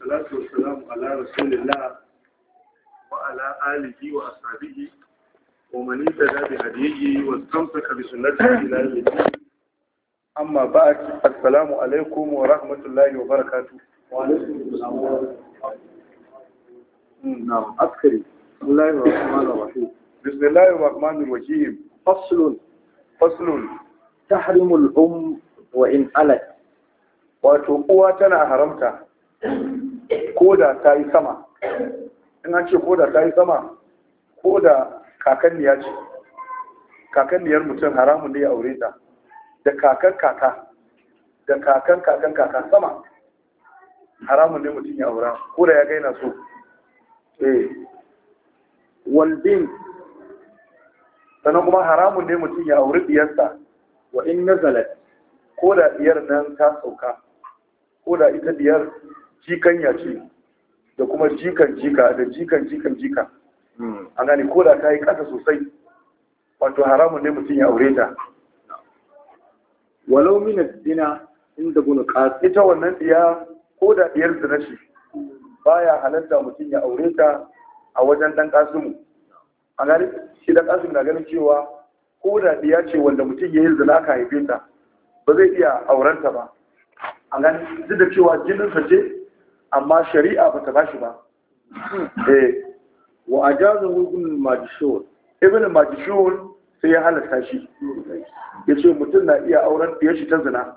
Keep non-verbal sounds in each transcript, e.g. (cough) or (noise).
salatu wasalamu ala rasulillah wa ala alihi wa ashabihi wa man tada bi hadihi wa tamsaka bi sunnatihi ila yawm amma ba'd assalamu alaikum wa rahmatullahi wa barakatuh wa alaikum assalam na'am akhri bismillahir rahmanir rahim bismillahir rahmanir rahim faslun faslun tahrimul um wa in alat wato uwa tana haramta koda ta yi sama ina ce koda ta yi sama koda kakanniya ce kakanniyar mutum haramun ne ya aure ta da kakan kaka da kakan kakan kaka sama haramun ne mutum ya aura koda ya gaina so eh walbin sannan kuma haramun ne mutum ya aure diyarsa wa in nazalat koda diyar nan ta sauka koda ita diyar jikanya ce da kuma jikan jika da jikan jikan jika hmm. an gani ko da ta yi ƙasa sosai wato haramun ne mutum ya aure ta walau mina dina inda gunu ƙasa ita wannan diya ko da diyar zina ce baya halatta mutum ya aure ta a wajen dan kasimu an gani shi dan kasimu na ganin cewa ko da diya ce wanda mutum ya yi zina ka haife ta ba zai iya aurenta ba an gani duk da cewa jininsa ce amma shari'a ba ta bashi ba eh wa ajazahu ibn majshur ibn majshur sai ya halatta shi ya ce mutum na iya auren ɗiyar shi ta zina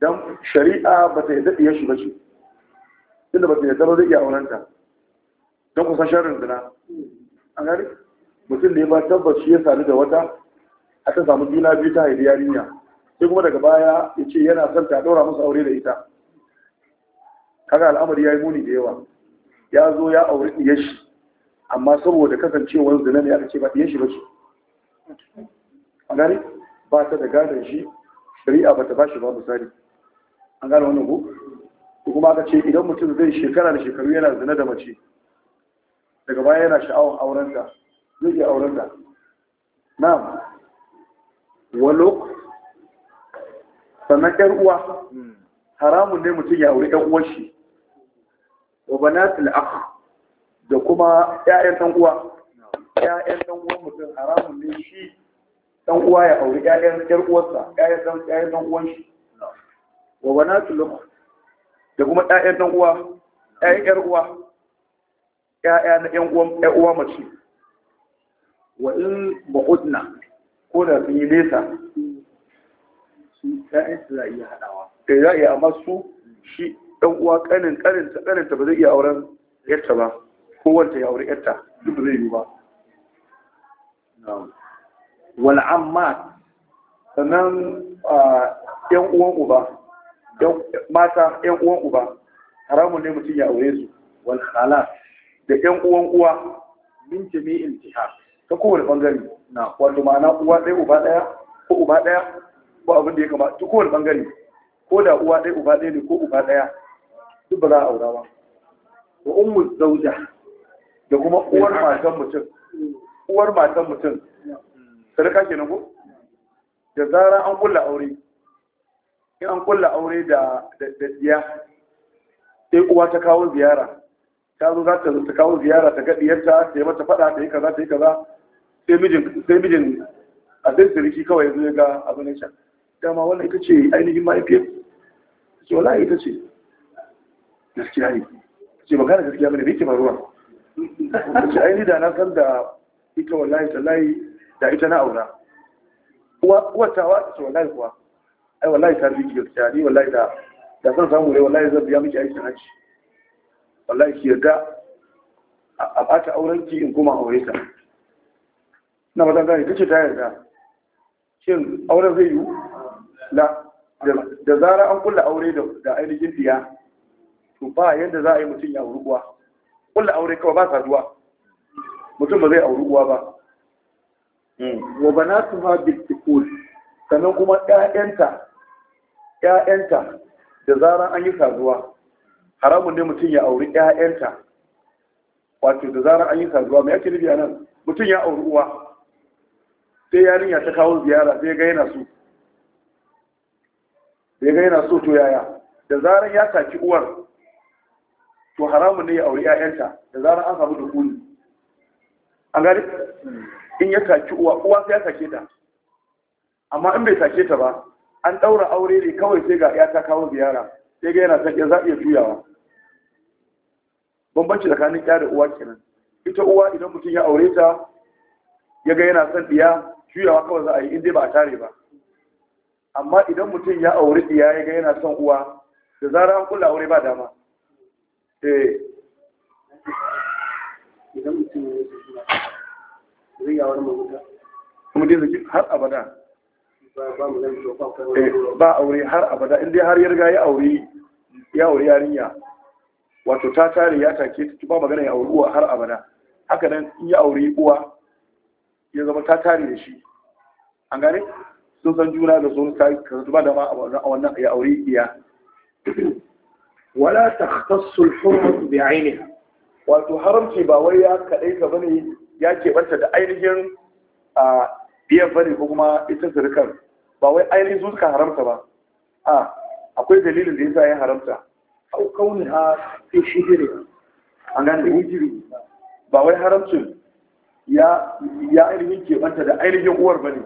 don shari'a ba ta yadda ɗiyar shi ba ce inda ba ta yadda ba zai iya auren ta don kusan sharin zina an gari mutum ne ya ba tabbas shi ya sadu da wata a ta samu juna biyu ta haifi yarinya sai kuma daga baya ya ce yana son ta ɗora masu aure da ita kaga al'amari ya yi muni da yawa ya zo ya auri ɗiyar shi amma saboda kasancewar zina ne aka ce ba ɗiyar shi ba ce a gani ba ta da gadon shi shari'a ba ta ba shi ba misali an gane wannan ku kuma aka ce idan mutum zai shekara da shekaru yana zina da mace daga baya yana sha'awar aurenta zai iya aurenta na'am walo sannan 'yar uwa haramun ne mutum ya auri ƴan uwar shi wa banatul akh da kuma ƴaƴan dan uwa ƴaƴan dan uwan mutum haramun ne shi dan uwa ya auri ƴaƴan ƴar uwarsa ƴaƴan dan ƴaƴan dan uwan shi wa banatul akh da kuma ƴaƴan dan uwa ƴaƴan ƴar uwa ƴaƴa na ƴan uwan ƴar uwa mace wa in ba'udna ko da sun yi nesa ƴaƴan su za eh, shi Ɗan uwa kanin kanin ta ta ba zai iya auren yarta ba ko wanda ya aure yarta duk da zai yi ba wal amma sannan yan uwan uba mata yan uwan uba haramun ne mutum ya aure su wal khalas da yan uwan uwa min jami'in jiha ta kowane bangare na wato ma'ana uwa ɗaya uba ɗaya ko uba ɗaya ko abin da ya kama. ta kowane bangare ko da uwa ɗaya uba ɗaya ne ko uba ɗaya duk ba za a aura ba wa ummu zauja da kuma uwar matan mutum uwar matan mutum sadaka kenan ko da zara an kulla aure in an kulla aure da da diya sai uwa ta kawo ziyara ta zo za ta kawo ziyara ta ga diyarta ta yi mata fada ta yi kaza ta yi kaza sai mijin sai mijin a sai siriki kawai zai zo ga abin nan dama wannan ita ce ainihin mahaifiyar ce wala ita ce gaskiya ne ce ba gane gaskiya bane me yake faruwa ce ai ni da na san da ita wallahi tallahi da ita na aura uwa uwa tawa ce wallahi kuwa ai wallahi ta fi gaskiya ni wallahi da da san samu rai, wallahi zan biya miki aikin hajji wallahi ki yarda a bata auren ki in kuma aure ta na ba gane kace ta yarda shin auren zai yi la da zara an kulla aure da ainihin diya to ba yadda za a yi mutum ya auri uwa Kullum aure kawai ba saduwa mutum ba zai auri uwa ba hmm. wa banatu ha bitikul sannan kuma ƴaƴanta ƴaƴanta da zaran an yi saduwa haramun ne mutum ya auri ƴaƴanta wato da zaran an yi saduwa mai ake nufi a nan mutum ya auri uwa sai ya ta kawo ziyara sai ga yana so sai ya ga yana so to yaya da zarar ya saki uwar to haramun ne ya auri ƴaƴanta da zarar an samu dukuni an gani in ya taki uwa uwa sai ya take ta amma in bai take ta ba an ɗaura aure ne kawai sai ga ya ta kawo ziyara sai ga yana sake ya za iya juyawa bambanci tsakanin ƴa da uwa kenan ita uwa idan mutum ya aure ta ya ga yana son ɗiya juyawa kawai za a yi in dai ba a tare ba amma idan mutum ya aure ɗiya ya ga yana son uwa da zarar an kula aure ba dama Eh. idan mutum ya yi zai yawar mabuta kuma dai zaki har abada eh, ba aure har abada inda har ya riga ya aure ya aure yarinya wato ta tare ya take ta ba magana ya aure uwa har abada haka nan in ya aure uwa ya zama ta tare da shi an gane sun san juna da sun ta ba da ma a wannan ya aure iya wala takhtassu al-hurmatu bi'ainiha wato haramci ba wai ya kaɗai ka bane ya keɓanta da ainihin a biyan bane ko kuma ita zirkan ba wai ainihin su haramta ba a akwai dalilin da yasa ya haramta au kauniha fi shihri an gane wujiri ba wai haramcin ya ya ainihin keɓanta da ainihin uwar bane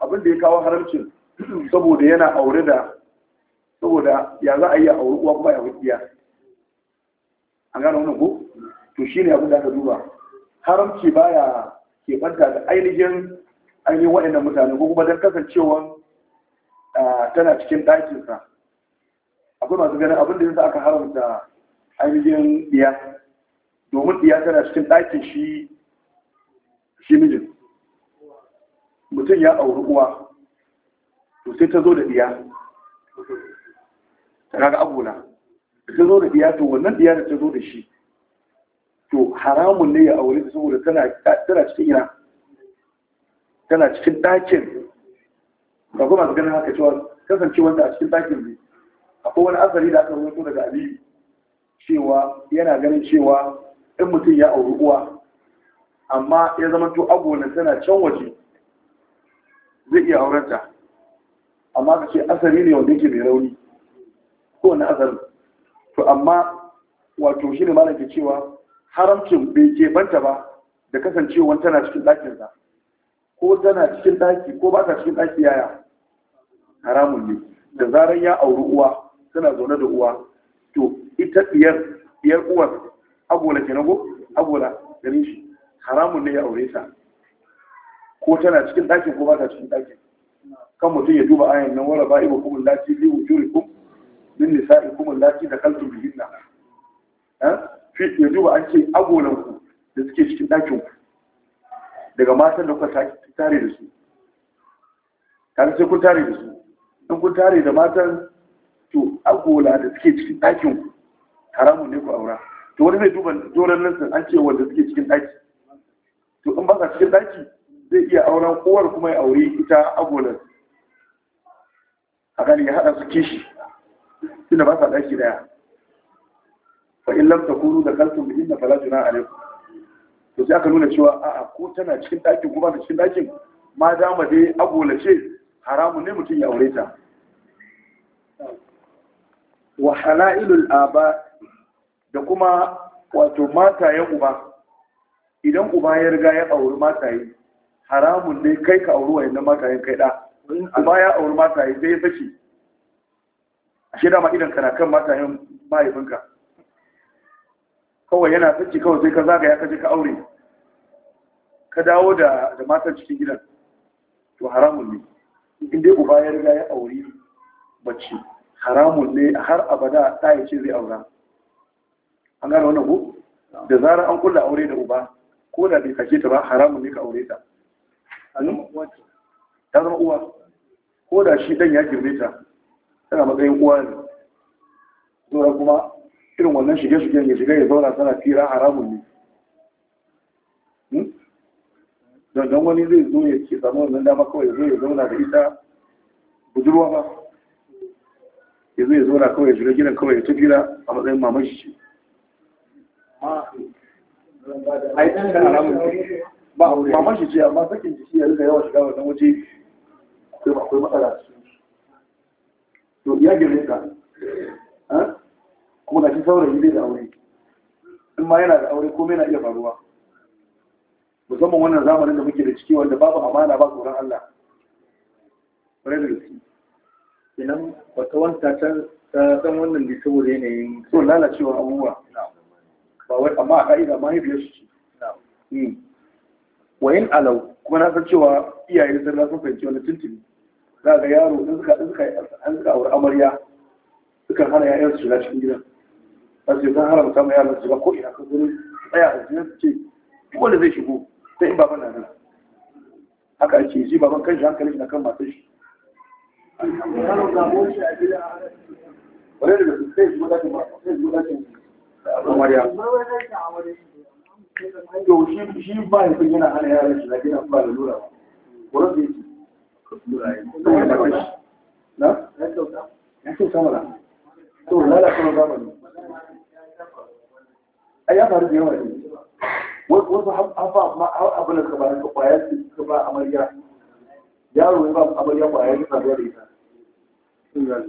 abin da ya kawo haramcin saboda yana aure da saboda ya za a yi a auri uwan baya ya wuciya an gano wani ko to shi ne abin da aka duba haramci baya banta da ainihin ainihin waɗannan mutane ko kuma don kasancewa tana cikin ɗakinsa akwai masu ganin abin da yasa aka haramta ainihin ɗiya domin ɗiya tana cikin ɗakin shi shi mijin mutum ya auri uwa to ta zo da ɗiya kaga abula ta zo da diya to wannan diya da ta zo da shi to haramun ne ya aure ta saboda tana cikin ina tana cikin ɗakin ba kuma su ganin haka cewa kasance wanda a cikin ɗakin ne akwai wani asali da aka rubuto daga aliyu cewa yana ganin cewa in mutum ya auri uwa amma ya zama to abuwanin tana can waje zai iya aurenta amma ka ce asali ne wanda yake mai rauni na azarin to amma wato shi ne malam ke cewa haramcin bai ke banta ba da kasancewa tana cikin ɗakinsa ko tana cikin ɗaki ko ba ta cikin ɗaki yaya haramun ne da zarar ya auri uwa tana zaune da uwa to ita diyar diyar uwar abola ke nago abola gare shi haramun ne ya aure ta ko tana cikin ɗakin ko ba ta cikin ɗakin kan mutum ya duba ayan nan wala ba iba kuma lati li wujurikum min nisa'ikum allati dakaltum bihinna fi ya duba an ce agolanku da suke cikin ɗakin ku daga matan da kuka tare da su kan sai kun tare da su in kun tare da matan to agola da suke cikin ɗakin ku haramun ne ku aura to wani zai duba doron lansan an ce wanda suke cikin ɗaki to in ba ka cikin ɗaki zai iya auren kowar kuma ya aure ita agolar a gani ya haɗa su kishi tunda ba sa daki ɗaya fa in lam takunu da kaltum bi inna fala juna alaikum to sai aka nuna cewa a'a ko tana cikin ɗakin ko ba ta cikin ɗakin ma mu dai agolace haramun ne mutum ya aure ta wa halailul aba da kuma wato matayen uba idan uba ya riga ya auri mataye haramun ne kai ka auri wayannan matayen kai da uba ya auri mataye sai ya saki ashe ma idan kana kan matayen mahaifinka kawai yana tsaki kawai sai ka zagaya ka je ka aure ka dawo da da matan cikin gidan to haramun ne in dai uba ya riga ya aure bacci, haramun ne har abada ta yi ce zai aura an gane wannan ko da zarar an kulla aure da uba ko da bai kashe ta ba haramun ne ka aure ta ta zama uwa ko da shi dan ya girme ta tana matsayin uwa ne zuwa kuma irin wannan shige shige ne shiga ya zauna tana fira haramun ne hmm? don wani zai zo ya ce samu wannan dama kawai zai ya zauna da ita budurwa ba ya zo ya zauna kawai ya shiga gidan kawai ya ci fira a matsayin mamashi ce a yi ba mamashi ce amma sakin jiki ya rika yawa shiga wannan waje akwai matsala to ya girme ka kuma ga shi saurayi yi da aure in ma yana da aure ko yana iya faruwa musamman wannan zamanin da muke da ciki wanda babu amana ba tsoron Allah ƙwarai idan wata wanta ta san wannan da saboda yanayin so lalacewa abubuwa ba wai amma a ka'ida mahaifiyar su ce hmm. wa yin alau kuma na san cewa iyayen sun fahimci wani tuntuni za ga yaro in suka in suka an suka aure amarya sukan hana yayan su shiga cikin gidan ba su san haramta ma yaran su ba ko ina kan gurin tsaya a jiya su ce duk wanda zai shigo sai in baban na nan haka ake ji baban kan shi hankali na kan matan shi wani da su sai zuwa dakin sai zuwa dakin amarya to shi shi ba ya yana hana yaran shi na gidan ba da lura ba wurin da yake na? ya kyauta mana to lalacewar zamani ai ya faru da yawa ne wasu hafa ma abin da suka bayar da ba amarya yaro ya ba amarya kwayar suka bayar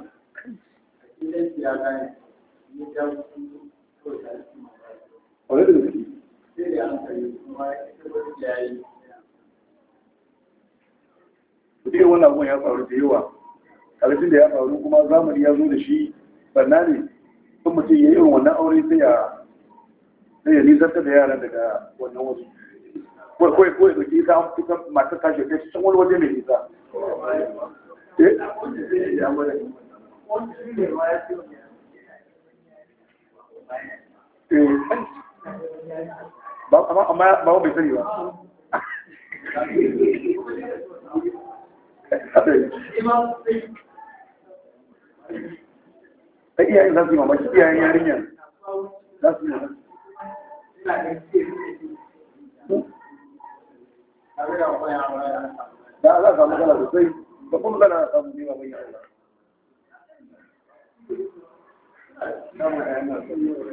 da kwanar da gaske kudin wannan abun ya faru da yawa ƙarfin da ya faru kuma zamani ya zo da shi banna ne sun mutum ya yi wannan aure sai ya sai ya nizarta da yaran daga wannan wasu kawai kawai kawai da ke an fita masu tashi kai can wani waje mai nisa Thì, amma ba bai sani ba ta iyayen za su yi mamaki iyayen yarinya za su yi mamaki za a samu gana sosai ba kuma gana samun nema mai yawon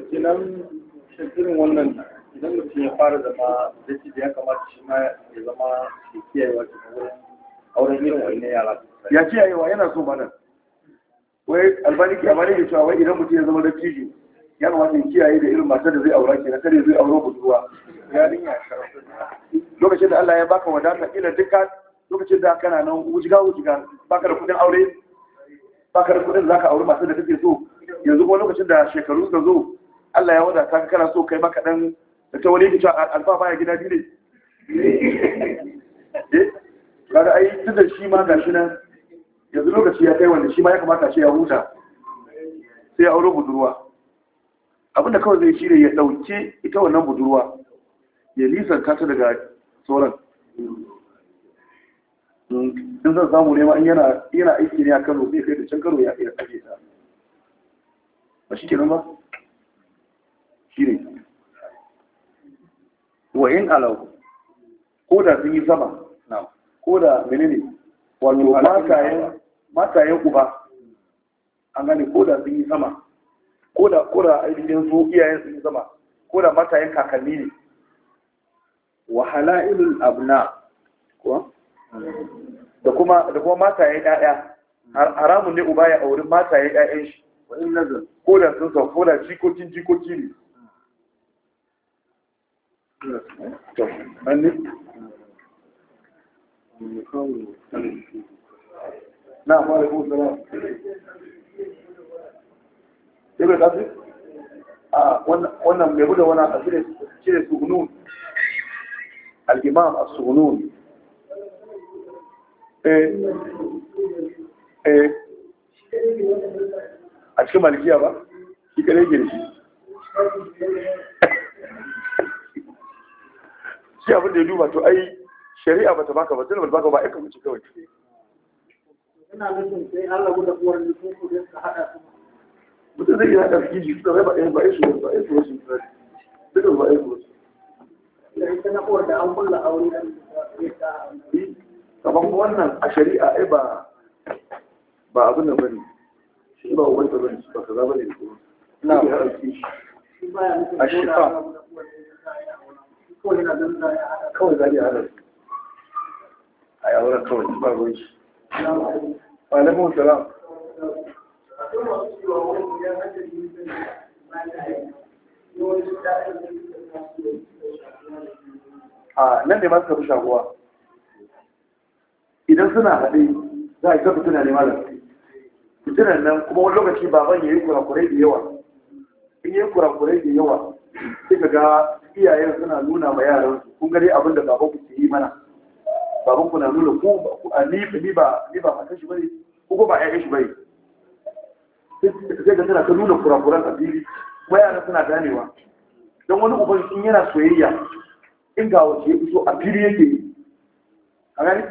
Kinan shirin wannan idan mutum ya fara zama zaki da ya kamata shi ma ya zama ke kiyayewa ke wurin auren irin wa'ina yara. Ya kiyayewa yana so mana. Wai albani ke amani da cewa wai idan mutum ya zama da ciki ya kamata ya kiyaye da irin matar da zai aura ke na kare zai auro budurwa. Yarinya lokacin da Allah ya baka wadata ila duka lokacin da kana nan wujiga wujiga baka da kudin aure ba ka da kuɗin za ka auri masu da kake so yanzu kuma lokacin da shekaru suka zo Allah ya wada ka kana so kai maka ɗan da ta wani kici alfa baya gida biyu ne eh, kaga ai tunda da shi ma gashi nan yanzu lokaci ya kai wanda shi ma ya kamata shi ya huta sai ya aure budurwa abinda kawai zai shine ya dauke ita wannan budurwa ya lisan ta daga sauran in zan samu nema in yana yana aiki ne a kano zai kai da can karo ya iya kake ta ba shi kenan ba shi ne wa in alau ko da sun yi sama ko da menene wato matayen matayen uba an gane ko da sun yi sama ko da ko da aikin su iyayen sun yi sama ko da matayen kakanni ne wa halailul abna ko da kuma da kuma matayen ƴaƴa haramun ne uba ya auri matayen ƴaƴan shi ko da sun sau ko da jikokin jikoki ne na fara ko sana yabe kasu a wannan mai buda wani a cire su gunun al-imam Eh, eh. a cikin malikiya ba shi kare girki. (laughs) shi abin da ya duba to ai shari'a ba ta baka ba zina baka ba aika mace kawai ina sai uwar haɗa mutum zai yi haɗa su su da ba ba ya ba ya su shi ba ya su na uwar an kulla aure ta kaman wannan a shari'a ai ba ba abin da bane shi ba wani da bane ba kaza bane ko na a shifa kawai za a hada a yawon kawai ba ruwan shi ba na mun salam a nan ne ma suka fi shaguwa idan suna haɗe za a kafa tunanin ne malam fitinan nan kuma wani lokaci baban ya yi kurakurai da yawa in yi kurakurai da yawa sai ka ga iyayen suna nuna ma yaran su kun gani abin da baban ku ke yi mana baban ku na nuna ko a ni ni ba ni ba matan shi bane ko ba ƴaƴan shi bane sai ka tana ta nuna kurakuran a fili kuma yaran suna ganewa don wani uban in yana soyayya in ga wace ya fito a fili yake a gani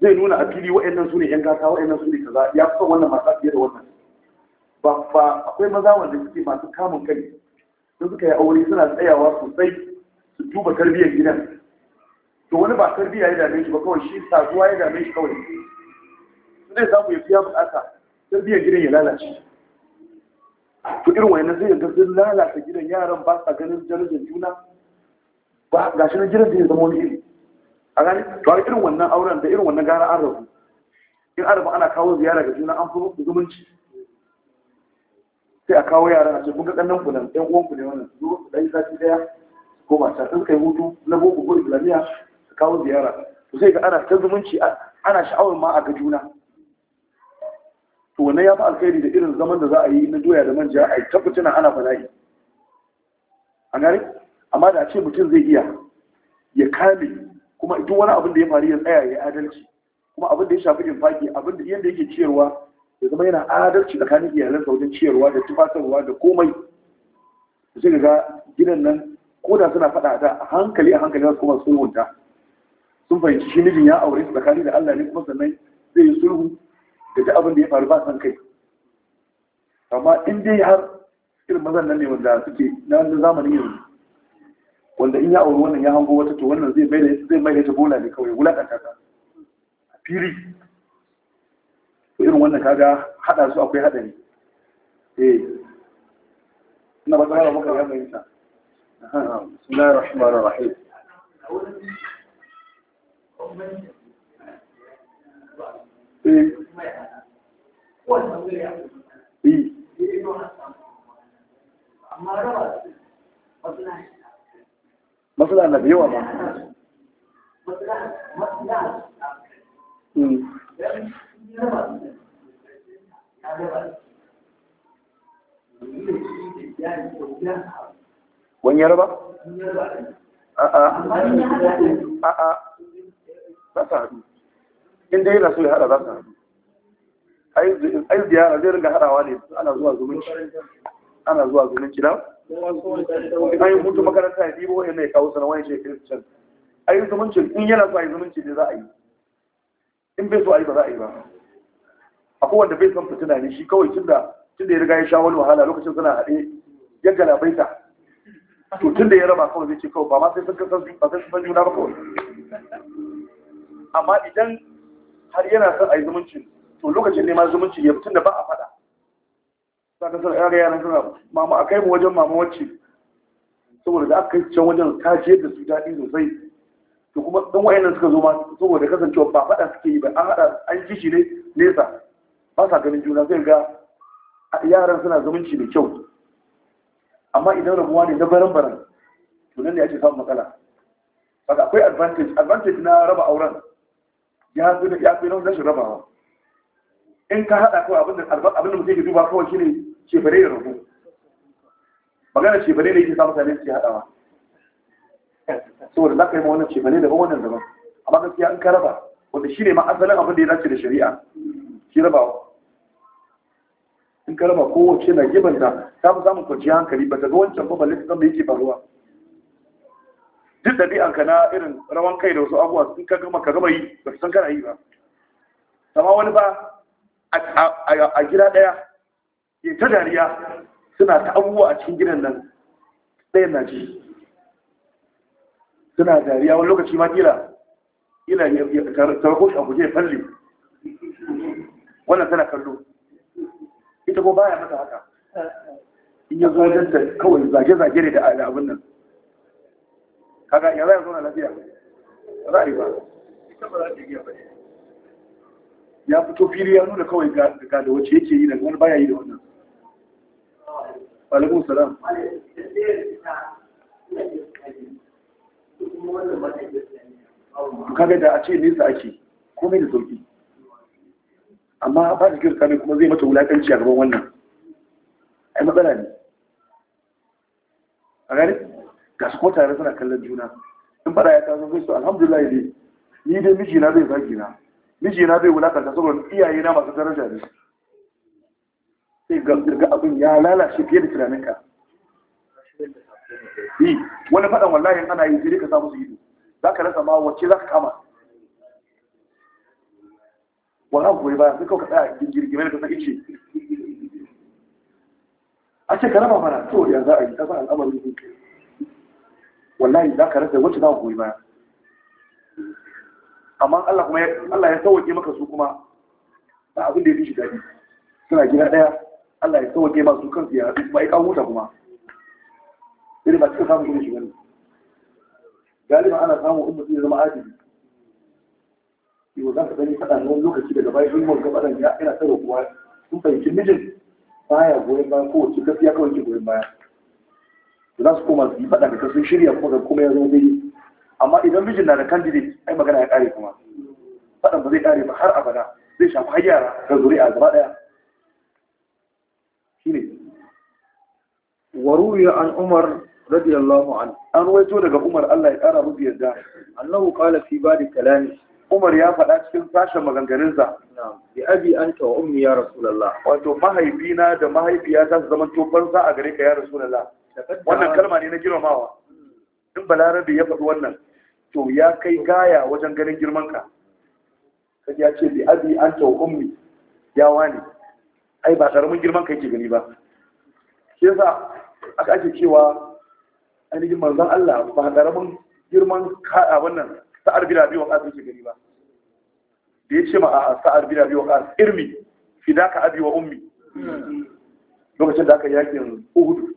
zai nuna a fili waɗannan su ne yan gata waɗannan su ne kaza ya fi son wannan masu fiye da wannan ba ba akwai maza wanda suke masu kamun kai sun suka yi aure suna tsayawa sosai su duba tarbiyyar gidan to wani ba tarbiyya ya dame shi ba kawai shi saduwa ya dame shi kawai zai samu ya fiya bukata tarbiyyar gidan ya lalace to irin wayannan zai ga sun lalata gidan yaran ba sa ganin darajar juna ba gashi na gidan zai zama wani iri a gani to a irin wannan auren da irin wannan gara an rabu in an rabu ana kawo ziyara ga juna an fi zumunci sai a kawo yara a ce kun ga ɗannan ku nan ɗan uwanku ne wannan su zo ɗan sati ɗaya ko ba mata sun kai hutu na boko ko islamiyya su kawo ziyara to sai ga ana ta zumunci ana sha'awar ma a ga juna to wannan ya fi alkhairi da irin zaman da za a yi na doya da manja a yi tabbatina ana bala'i a gani amma da a ce mutum zai iya ya kame kuma duk wani abin da ya faru ya tsaya ya adalci kuma abin da ya shafi infaki abin da yanda yake ciyarwa ya zama yana adalci tsakanin iyalan wajen ciyarwa da tufatarwa da komai sai ga gidan nan ko da suna faɗa da hankali a hankali su kuma sulhunta sun fahimci shi mijin ya aure su tsakani da Allah ne kuma sannan zai yi sulhu da duk abin da ya faru ba san kai amma in dai har irin mazan nan ne wanda suke na zamanin yanzu wanda in ya auri wannan ya hango wata to wannan zai maida zai maida ta bola ne kawai wulakanta ta a fili to irin wannan kaga hada su akwai hadari eh ina ba ta ba ka ya fahimta bismillahir rahmanir rahim eh eh amma raba wasu na matsala na da yawa ba hmm. wani yaraba? a'a za ta haɗu inda yana so ya haɗa za ta haɗu ai ziyara zai ringa haɗawa ne ana zuwa zumunci ana zuwa zumunci na an yi mutu makaranta ya ɗibo wa'in mai kawo sana ya shekaru can a yi zumunci in yana so a yi zumunci ne za a yi in bai so a yi ba za a yi ba akwai wanda bai san fitina ne shi kawai tunda da ya riga ya sha wani wahala lokacin suna haɗe ya ta. to da ya raba kawai zai ce kawai ba ma sai sun kasan ba sai sun juna ba kawai amma idan har yana son a yi zumuncin to lokacin ne ma zumuncin ya fitin da ba a faɗa za ka suna yara yaran suna mama a kai mu wajen mama wacce saboda da aka kai can wajen ta ciyar da su daɗi sosai to kuma ɗan wa'annan suka zo ma saboda kasancewa ba faɗa suke yi ba an haɗa an ji shi ne nesa ba sa ganin juna zai ga yaran suna zumunci mai kyau amma idan rabuwa ne na baran baran to nan ne ake samun matsala saka akwai advantage advantage na raba auren ya fi na rashin rabawa in ka haɗa kawai abinda abinda mutum ke duba kawai shine shefare da rago magana shefare ne yake sa mutane su haɗawa saboda za ka yi ma wannan shefare daban wannan daban amma gaskiya in ka raba wanda shine ma asalin abin da ya dace da shari'a shi rabawa in ka raba kowace na da ta fi samun kwanciyar hankali ba ta ga wancan ba balle san da yake faruwa duk ɗabi'anka na irin rawan kai da wasu abubuwa sun ka gama ka gama yi ba san kana yi ba amma wani ba a gida ɗaya ke ta dariya suna ta abubuwa a cikin gidan nan ɗayan na ji suna dariya wani lokaci ma kila ila ya tarko shi a guje falle wannan tana kallo ita ko baya mata haka in ya wajen ta kawai zage-zage ne da abin nan kaga ya yanzu zauna lafiya ba za a yi ba ita ba za ta yi ba ya fito fili ya nuna kawai ga da wacce yake yi daga wani baya yi da wannan alaikun salam kaga da a ce nesa ake komai da sauki amma ba da kirka ne kuma zai mata wulakanci a gaban wannan ai matsala ne a gari ga su kuma tare suna kallon juna in fara ya kazo zai su alhamdulillah ne ni dai miji na zai zagi na miji na bai wulakanta saboda iyaye na masu daraja ne sai ga abin ya lalace fiye da tunaninka yi wani faɗan wallahi ana yi jiri ka samu su ido za ka rasa ma wacce za ka kama wala goyi baya sai kawai ka tsaya a girgirgime da ka san ice a ce ka raba mana to ya za a yi ta san al'amarin wallahi za ka rasa wacce za ka goyi baya amma Allah kuma Allah ya sauke maka su kuma ba abin da ya fi shi daɗi suna gida ɗaya Allah ya sauke ma su kansu ya haɗu kuma ya kawo kuma irin ba cika samun irin shi wani galiba ana samun in mutum ya zama adili yau za ka gani faɗa na wani lokaci daga bayan shi mawar gabaɗan ya ina tsaro kuwa sun fahimci mijin Ba ya goyon bayan kowace gaskiya kawai ke goyon baya za su koma su yi faɗa da kasu shirya kuma ga kuma ya zama daidai amma idan mijin na da candidate ai magana ya kare kuma faɗan ba zai kare ba har abada zai shafi har yara ga a gaba ɗaya shine waruya an umar radiyallahu an an waito daga umar Allah ya kara musu yarda annahu qala fi badi kalami umar ya faɗa cikin sashen maganganunsa bi abi anta wa ummi ya rasulullah wato mahaifina da mahaifiya za su zama tofan sa a gare ka ya rasulullah wannan kalma ne na girmamawa in balarabe ya faɗi wannan to ya kai gaya wajen ganin girmanka kaji ya ce bi abi an ta ummi ya wani ai ba karamin girman ka yake gani ba shi yasa aka ake cewa ainihin manzon Allah ba karamin girman a wannan sa'ar bila biyu wa yake gani ba da ya ce ma a sa'ar bila biyu wa irmi fidaka abi wa ummi lokacin da aka yakin Uhud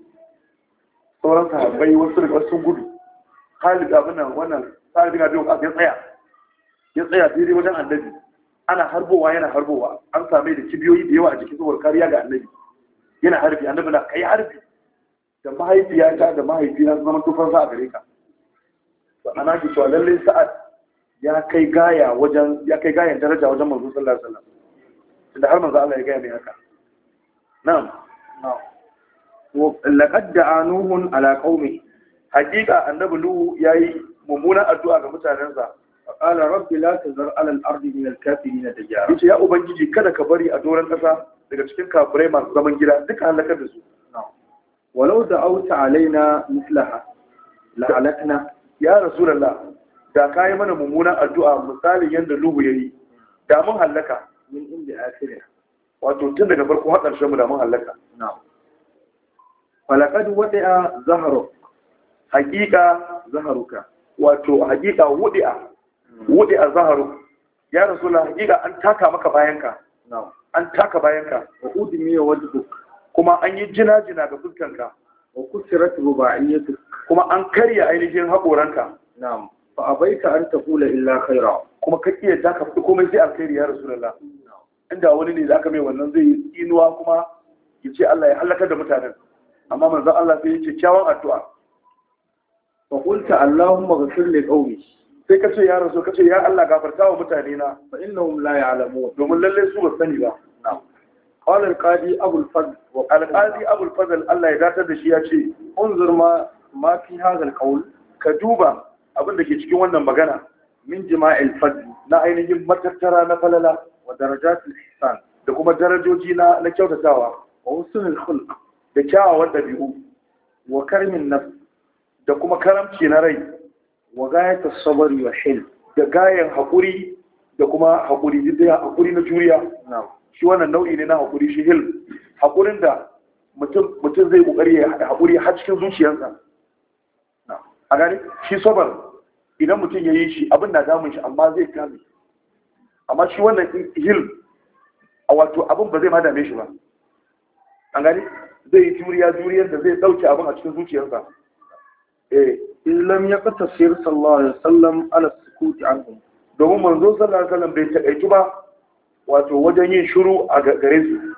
sauran sahabbai wasu rigar gudu Khalid abin nan wannan sa'ad bin abi waqas tsaya ya tsaya daidai wajen annabi ana harbowa yana harbowa an same da kibiyoyi da yawa a jikin saboda kariya ga annabi yana harbi annabi na kai harbi da ta da mahaifina su zama tufan sa a gare ka ana ki cewa lallai sa'ad ya kai gaya wajen ya kai gayan daraja wajen manzo sallallahu alaihi wasallam tunda har manzo Allah ya gaya mai haka na'am na'am laqad da'anuhun ala qaumi hakika annabi lu yayi mummunan addu'a ga mutanensa ala rabbi la tazar ala al-ardi min al-kafirin dayyara yace ya ubangiji kada ka bari a doron kasa daga cikin kafurai masu zaman gida duka halakar da su walau da auta alaina mislaha la'alakna ya rasulullah da yi mana mummunan addu'a misalin yadda luhu yayi da mun halaka min inda akhirah wato tun daga farko har mu da mun halaka na'am falaqad wada'a zaharu zaharuka wato hakika wudi'a wudi'a zaharu ya rasulullah hakika an taka maka bayanka an taka bayanka wa udmiya wajhuk kuma an yi jina-jina ga fuskanka wa kusirat ruba'iyatuk kuma an karya ainihin haƙoranka na'am fa abaita an taqula illa khaira kuma ka iya da ka fito komai sai alkhairi ya rasulullah inda wani ne da aka mai wannan zai yi inuwa kuma ya ce Allah ya halaka da mutanen amma manzon Allah sai yace ce kyawun addu'a fa qulta allahumma ghfir li sai ka ce ya rasu ka ce ya Allah gafarta wa mutane na fa innahum la ya'lamun domin lalle su ba sani ba قال القاضي أبو الفضل القاضي أبو الفضل da shi ya ce unzur ma ma fi hadha alqawl ka duba abin da ke cikin wannan magana min jima'il fadl na ainihin matattara na falala wa darajatul ihsan da kuma darajoji na na kyautatawa wa husnul khulq da kyawawan dabi'u wa karmin nafs da kuma karamci na rai wa gayata sabari wa shil da gayan haƙuri da kuma haƙuri da haƙuri na juriya shi wannan nau'i ne na haƙuri shi hil haƙurin da mutum zai ƙoƙari ya haɗa haƙuri har cikin zuciyarsa a gani shi sabar idan mutum ya yi shi abin na damun shi amma zai kame amma shi wannan hil a wato abin ba zai ma dame shi ba A gani zai yi juriya juriyar da zai ɗauke abin a cikin zuciyarsa Eh, lam ya tasir sallallahu alaihi wasallam ala sukuti anhum domin manzo sallallahu alaihi wasallam bai taƙaitu ba wato wajen yin shiru a gare su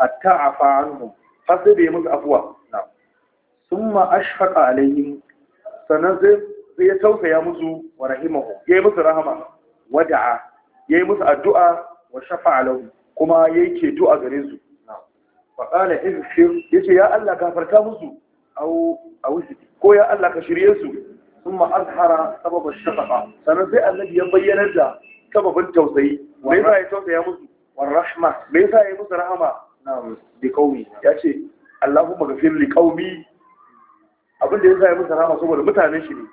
hatta afa anhum har sai bai musu afuwa Na summa ashfaqa alaihim sannan sai ya tausaya musu wa rahimahu yayi musu rahama wada'a yayi musu addu'a wa shafa'a lahum kuma yayi ceto a gare su fa qala izfir yace ya Allah gafarta musu ko ya Allah ka shirye su ثم أظهر سبب الشفقة سنزع الذي يبين لها سبب التوسعي ليس يتوسع يمس والرحمة ليس يمس رحمة نعم لقومي يأتي اللهم غفر لقومي abin da ya sa ya musu rahama saboda mutanen shi ne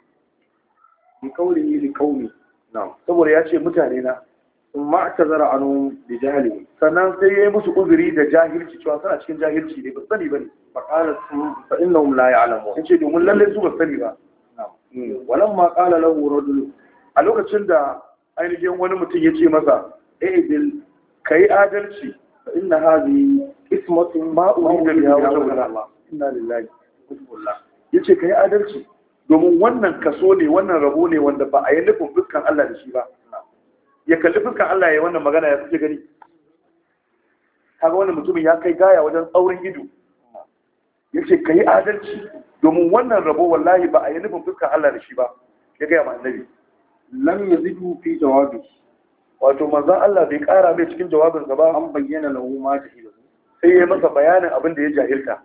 bi kauli saboda ya ce mutane na ma aka zara anu da jahili sannan sai ya yi musu uzuri da jahilci cewa suna cikin jahilci ne ba sani ba ne ba ƙara su fa inna hum la ya'lamu in ce domin lalle su ba sani ba walan ma ƙala lahu rajul a lokacin da ainihin wani mutum ya ce masa eh bil kai adalci fa inna hadhi ismatun ma urida biha wajha Allah inna lillahi wa yace kai adalci domin wannan kaso ne wannan rabo ne wanda ba a yi nufin dukkan Allah da shi ba ya kalli fuskan Allah ya yi wannan magana ya kuke gani kaga wannan mutumin ya kai gaya wajen tsaurin ido ya ce ka yi adalci domin wannan rabo wallahi ba a yi nufin fuskan Allah da shi ba ya gaya ma annabi lam ya yazidu fi jawabi wato manzon Allah bai kara mai cikin jawabinsa ba an bayyana lahu ma jahila sai ya masa bayanin abin da ya jahilta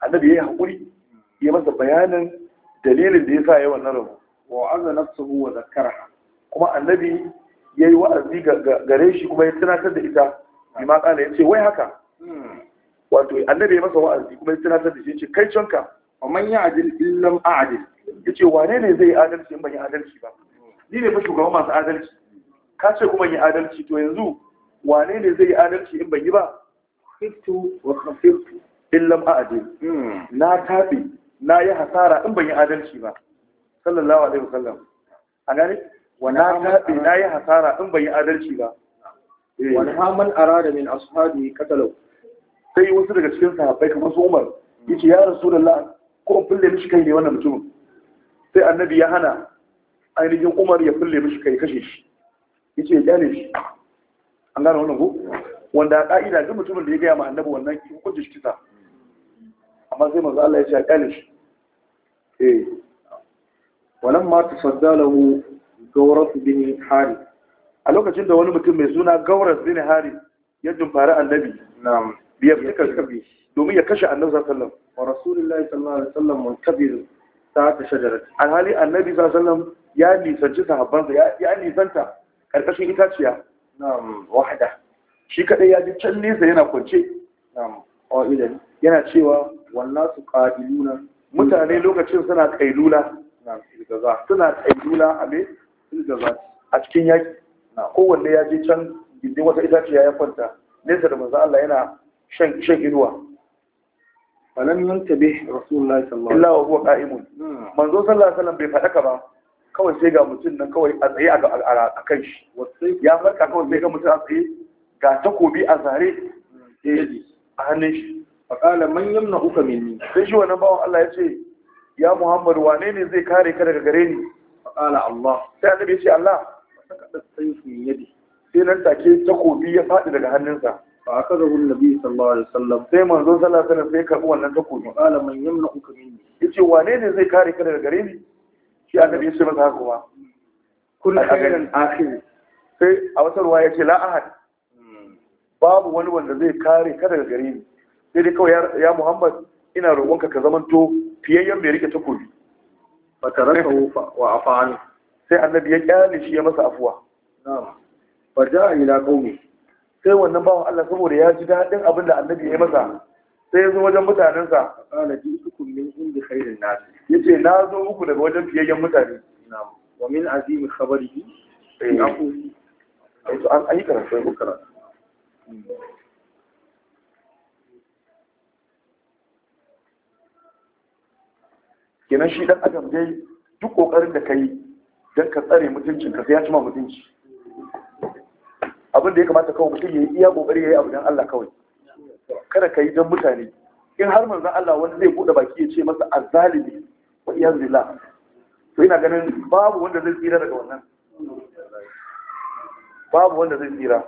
annabi ya yi haƙuri, ya masa bayanin dalilin da ya sa ya wannan rabo wa azza nafsuhu wa zakkaraha kuma annabi ya yi wa'azi gare shi kuma ya tunatar da ita bima kala ya ce wai haka wato annabi ya masa wa'azi kuma ya tunatar da shi ce kai canka a manyan ya illan illam a'dil ya ce wane ne zai adalci in ban yi adalci ba ni ne fa shugaban masu adalci ka ce kuma yi adalci to yanzu wane ne zai yi adalci in ban yi ba khiftu wa illan illam a'dil hmm. na tabi na yi hasara in ban yi adalci ba sallallahu alaihi wasallam a gane wannan taɓe na yi hasara in ban yi adalci ba eh. wani haman arada min ashabi katalau sai wasu daga cikin sahabbai kamar su umar hmm. yace ya rasu da rasulullah ko in fulle mishi kai ne wannan mutumin sai annabi ya hana ainihin umar ya fulle mishi kai kashe shi Ya ce ya ne shi an gane wannan ko wanda a ka'ida duk mutumin da ya gaya ma annabi wannan ki? hukunci shi kisa amma sai manzo Allah ya ce ya kyale shi eh walamma tasaddalahu gauras bin hari a lokacin da wani mutum mai suna gauras bin hari ya jumfari annabi na'am biyar suka kabi domin ya kashe annabi sallallahu alaihi wasallam wa rasulullahi sallallahu alaihi wasallam muntabir ta ta shajarat alhali annabi sallallahu alaihi wasallam ya nisanci sahabbansa ya nisanta karkashin itaciya na'am wahda shi kadai ya ji can nesa yana kwance na'am qailan yana cewa wallahi qadiluna mutane lokacin suna kailula suna kailula a a cikin yaki kowanne ya je can gindi wata itaciya ya kwanta nesa da manzo Allah yana shan shan inuwa falam yantabi rasulullahi sallallahu alaihi wasallam illa wa huwa qa'imun hmm. manzo sallallahu alaihi wasallam bai ka ba kawai sai ga mutum nan kawai a tsaye a kan shi ya farka kawai sai ga mutum a tsaye ga takobi a zare hmm. eh, a hannun shi faƙala man yamna uka minni sai shi wannan bawan Allah ya ce ya Muhammadu, wane ne zai kare ka daga gare ni faƙala Allah sai annabi ce Allah saka sai su yi yadi sai nan take takobi ya faɗi daga hannunsa fa akazahu annabi sallallahu alaihi wasallam sai manzo sallallahu alaihi wasallam sai karbi wannan takobi qala man yamna'uka minni yace wane ne zai kare ka daga gare ni shi annabi sai masa haka kuma kun khairan akhir sai a wata ruwa yace la ahad babu wani wanda zai kare ka daga gare ni sai dai kawai ya Muhammad ina roƙonka ka zamanto fiyayyen mai rike takobi fatarakahu wa afa'an sai annabi ya kyale shi ya masa afuwa na'am farja ila qaumi sai wannan bawan Allah saboda ya ji dadin abin da annabi ya masa sai ya zo wajen mutanensa qala ji'tukum min indi khairin nas yace na zo muku daga wajen fiyayyen mutane na'am wa min azimi khabarihi sai na ai to an aika sai ku karatu kenan shi dan adam dai duk kokarin da kai dan ka tsare mutuncin ka sai ya cima mutunci abin da ya kamata kawai mutum ya yi iya kokari ya yi abu dan Allah kawai kada ka yi dan mutane in har manzon Allah wani zai bude baki ya ce masa azalimi wa iyaz to ina ganin babu wanda zai tsira daga wannan babu wanda zai tsira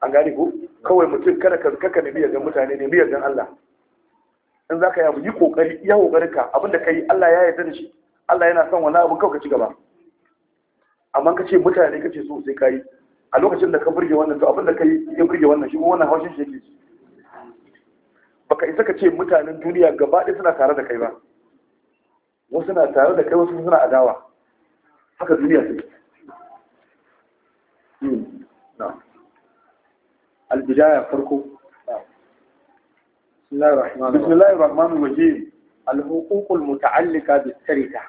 an gane ko kawai mutum kada ka kaka ne biyar dan mutane ne biyar dan Allah in za ka yi yi kokari iya kokarinka abinda ka yi Allah ya yarda da shi Allah yana son wani abin kawai ka ci gaba amma ka ce mutane ka ce so sai ka yi a lokacin da ka burge wannan to abinda ka yi ya burge wannan shi wannan haushin shi yake baka isa ka ce mutanen duniya gaba ɗaya suna tare da kai ba wasu na tare da kai wasu suna adawa haka duniya hmm. al-bidaya farko بسم الله الرحمن الرحيم الحقوق المتعلقة بالتركة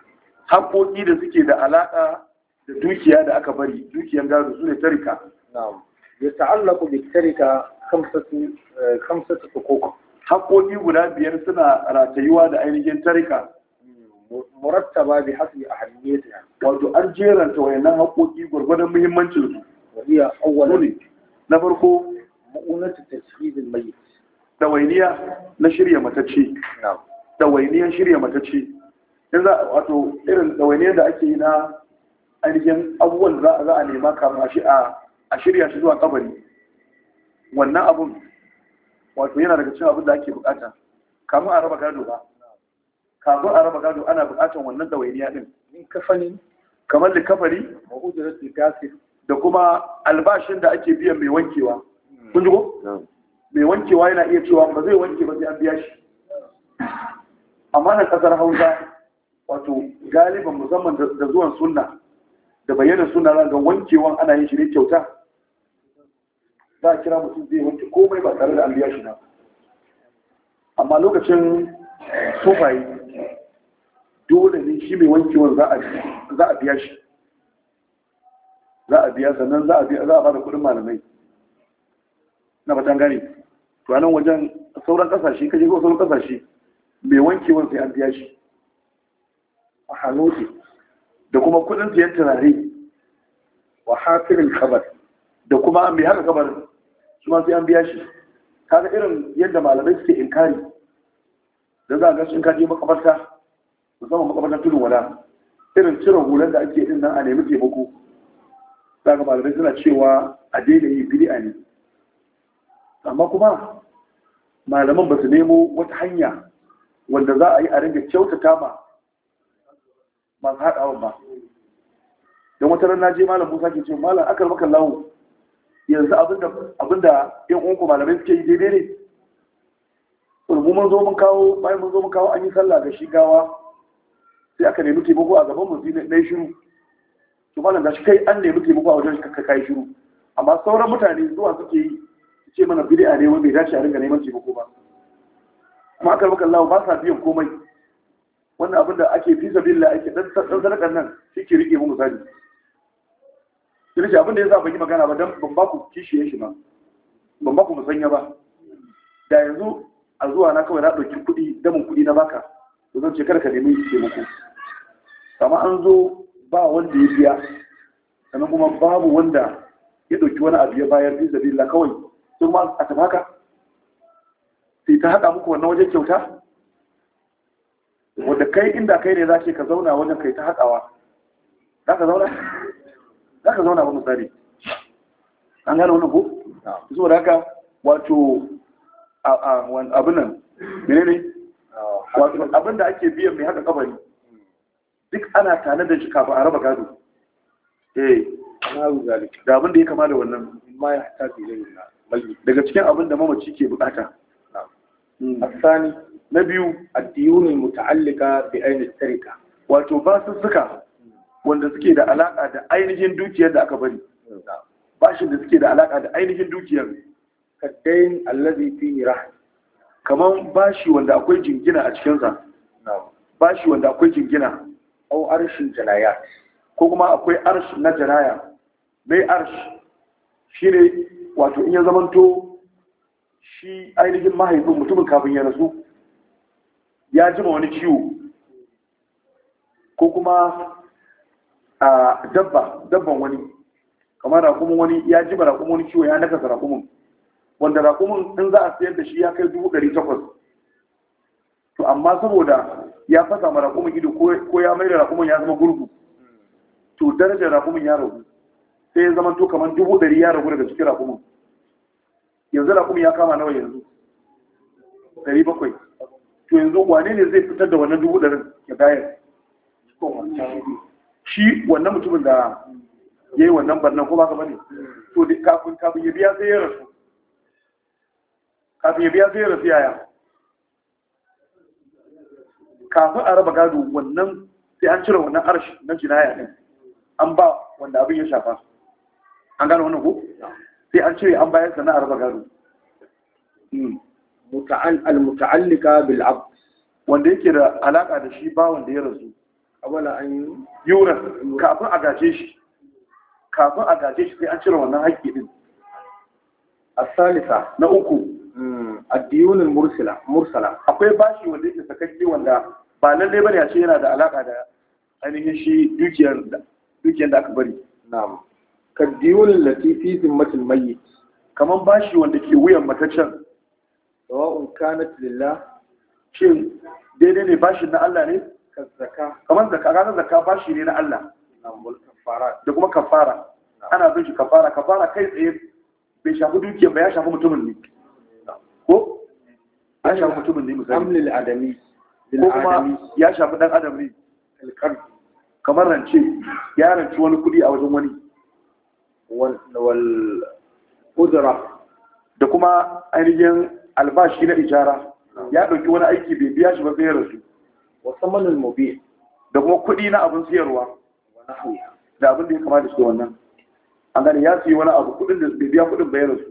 haƙoƙi da suke da alaƙa da dukiya da aka bari dukiyan gado su ne tarika na'am ya ta'allaku bi tarika kamsatu eh, kamsatu hukuk haƙoƙi guda biyar suna ratayuwa da ainihin tarika murattaba bi hasbi ahammiyatiha wato an jeranta wayannan hakoki gwargwadon muhimmancin su wadiya awwalan na farko ma'unatu tashhidil mayyit dawainiya na shirya matacci dawainiyan shirya matacci in za wato irin dawainiyan da ake yi na ainihin abubuwan za a nema kama shi a shirya shi zuwa kabari wannan abun wato yana daga cin abin da ake bukata kamun a raba gado ba kamun a raba gado ana bukatan wannan dawainiya din kafani kamar likafari wa da kuma albashin da ake biyan mai wankewa kun ji ko mai wankewa yana iya cewa ba zai wanke ba sai an biya shi amma na kasar hausa wato galiban musamman da zuwan sunna da bayyana sunna ga wankewan ana yin shi ne kyauta za a kira mutum zai wanke komai ba tare da an biya shi na amma lokacin sufayi dole ne shi mai wankewan za a biya shi za a biya sannan za a biya za a kudin malamai na batan gari to nan wajen sauran kasashe kaje ko sauran kasashe mai wankewan sai an biya shi a hannoti da kuma kudin yan turare wa hafirin kabar da kuma an bi haka kabar su ma sai an biya shi kaga irin yadda malamai suke inkari da za a ga sun kaje makabarta musamman makabarta tudun wala irin cire hular da ake din nan a nemi taimako za ga malamai suna cewa a daina yi bid'a ne amma kuma malaman ba su nemo wata hanya wanda za a yi a ringa kyautata ma masu haɗawa ba don wata rana je malam musa ke ce malam akar maka lawo yanzu abinda yan uku malamai suke yi daidai ne mu mun zo mun kawo bayan mun zo mun kawo an yi sallah ga shi gawa sai aka nemi taimako a gaban mu na yi shiru to malam gashi kai an nemi taimako a wajen ka kai shiru amma sauran mutane zuwa suke yi ce mana bidi ne neman bai dace a ringa neman taimako ba Kuma aka maka Allah ba sa biyan komai wannan abin da ake fi sabilla ake dan sadakar nan shi ke rike mu misali ce, abin da ya sa ban yi magana ba dan ban ba ku kishiye shi ba ban ba ku musanya ba da yanzu a zuwa na kawai na ɗauki kuɗi damin kuɗi na baka to zan ce karka nemi taimako amma an zo ba wanda ya biya sannan kuma babu wanda ya ɗauki wani abu ya bayar fi sabilla kawai sun ma a tabaka sai ta haɗa muku wannan wajen kyauta wanda kai inda kai ne za ke ka zauna wajen kai ta haɗawa za ka zauna za ka zauna ba misali an gane wani ko so da haka wato abinan nan mene ne ah, wato abin da ake biyan mai haka kabari duk ana tane da shi kafin a raba gado eh da abin da ya kama da wannan ma ya hata fiye na. daga cikin abin da mamaci ke bukata hmm. asani na biyu addiyuni muta'allika bi ainihin tarika wato basussuka wanda suke da alaka da ainihin dukiyar da aka bari bashin da suke da alaka da ainihin dukiyar kaddain allazi fihi rah kaman bashi wanda akwai jingina a cikin sa bashi wanda akwai jingina au arshin janaya ko kuma akwai arsh na janaya mai arsh shine wato in ya zamanto shi ainihin mahaifin mutumin kafin ya rasu ya jima wani ciwo ko kuma a dabba dabban wani kamar rakumin wani ya jima rakumin wani ciwo ya nakasa rakumin wanda rakumin in za a sayar da shi ya kai dubu ɗari takwas to amma saboda ya fasa ma rakumin ido ko ya mai da rakumin ya zama gurgu to darajar rakumin ya ragu sai ya zama to kamar dubu ɗari ya ragu daga cikin rakumin yanzu rakumin ya kama nawa yanzu ɗari bakwai to yanzu wane ne zai fitar da wannan dubu dari ya bayar shi wannan mutumin da ya yi wannan barnan ko ba ka bane to kafin kafin ya biya sai ya rasu kafin ya biya sai ya rasu yaya kafin a raba gado wannan sai an cire wannan arshi na jinaya ɗin an ba wanda abin ya shafa an gano wannan ku? sai an cire an bayar sana'a raba gado hmm. al-muta'allika bil abd wanda yake da alaka da shi ba wanda ya rasu abala an yura kafin a gaje shi kafin a gaje shi sai an cire wannan haƙƙi din as-salisa na uku hmm. addiyunul mursala mursala akwai bashi wanda yake sakakke wanda ba lalle bane a ce yana da alaka da ainihin shi dukiyar da aka bari na'am kaddiyunin latifi zimmatin mayyit kaman bashi wanda ke wuyan mataccen sawa'un kanat lillah shin daidai ne bashin na Allah ne ka zaka kaman zaka ranar zaka bashi ne na Allah da kuma kafara ana bin shi kafara kafara kai tsaye bai shafi dukiyar ba ya shafi mutumin ne ko ya shafi mutumin ne misali amlil adami ko kuma ya shafi dan adam ne kamar rance ya ranci wani kuɗi a wajen wani wal ujra da kuma ainihin albashi na ijara ya ɗauki wani aiki bai biya shi ba sai ya rasu wasammanin mobi da kuma kuɗi na abin siyarwa da abin da ya kama da shi wannan an gani ya siya wani abu kuɗin da bai biya kuɗin bai rasu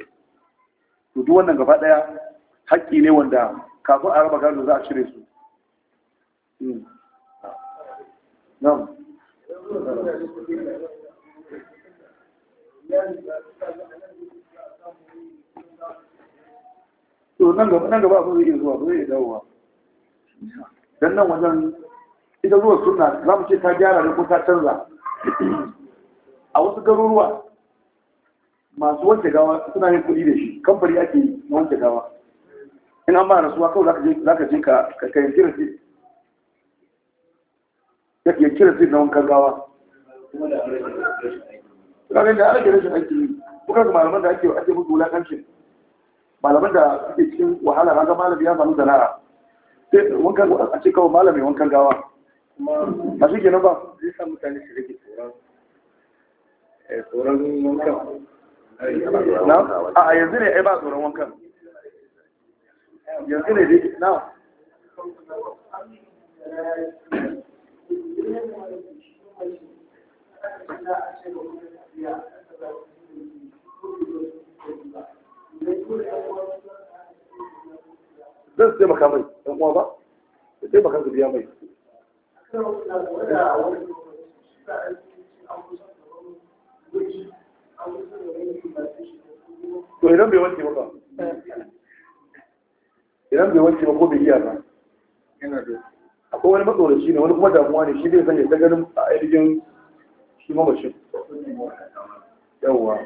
to duk wannan gaba ɗaya haƙƙi ne wanda kafin a raba gado za a cire su hmm. to nan gaba ba gaba abin zai iya zuwa ba zai iya dawowa dan nan wajen ita zuwa suna za mu ce ta gyara da ko ta canza a wasu garuruwa masu wanke gawa suna yin kuɗi da shi kamfani ake yi na wanke gawa in an ba rasuwa kawai za ka je ka kai kira sai ya kira sai na wankan gawa kaga da ake rashin aiki ne malaman da ake ake musu wulakancin malaman da suke cikin wahala kaga malami ya samu sana'a sai a cikin kawai malami wankan gawa a shi kenan ba zai sa mutane su rage tsoron eh, wankan a yanzu ne ai ba tsoron wankan yanzu ne dai na Thank you. zan taimaka mai ɗan uwa ba da taimaka su biya mai to idan bai wanke ba idan bai wanke ba ko bai iya ba akwai wani matsoraci ne wani kuma damuwa ne shi zai sanya ta ganin a ainihin shi mamacin yawwa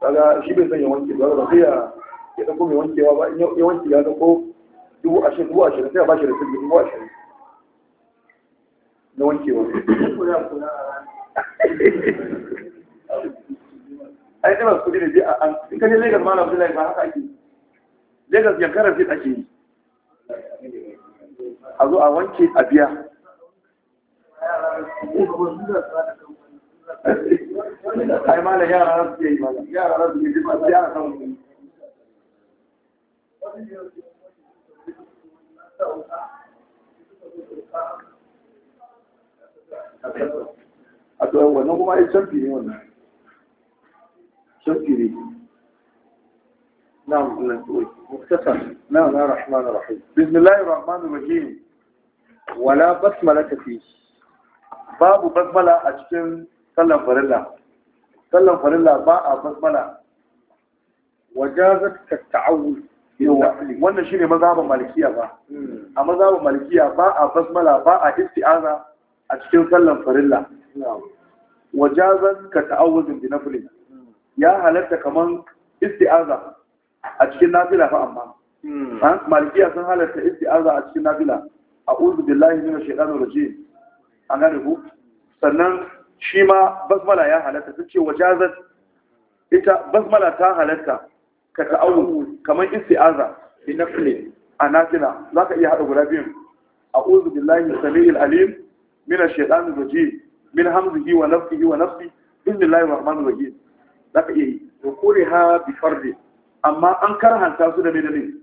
kaga shi bai son ya wanke ba ba sai ya ya dauko mai wankewa ba in ya wanke ya dauko dubu ashirin dubu ashirin sai a bashi da sirri dubu ashirin na wankewa (laughs) ai ne su kudi ne bi an in ka je Lagos ma na Abdullahi ba haka ake Lagos yankarar fit ake yi a zo a wanke a biya ai ma da yara a cikin. بسم الله الرحمن الرحيم ولا بسملة فيه باب بسملة sallan farilla sallan farilla ba a basmala wajazat ka ta'awuz wannan shine mazhabin malikiya ba hmm. a mazhabin malikiya ba a basmala ba a isti'aza a cikin sallan farilla wajazat ka ta'awuzin bi nafli hmm. ya halatta kaman isti'aza a cikin nafila fa amma hmm. malikiya sun halatta isti'aza a cikin nafila a'udhu billahi minash shaitanir rajim an gane ku sannan shi ma basmala ya halatta sun ce wajazat ita basmala ta halatta ka ta'awun kamar isti'aza bi nafli a nafila za ka iya haɗa guda biyun a'udhu billahi samiil alim min ash-shaytanir rajim min hamzihi wa nafsihi wa nafsi bismillahir rahmanir rahim za ka iya yi wa ha bi fardi amma an karhanta su da menene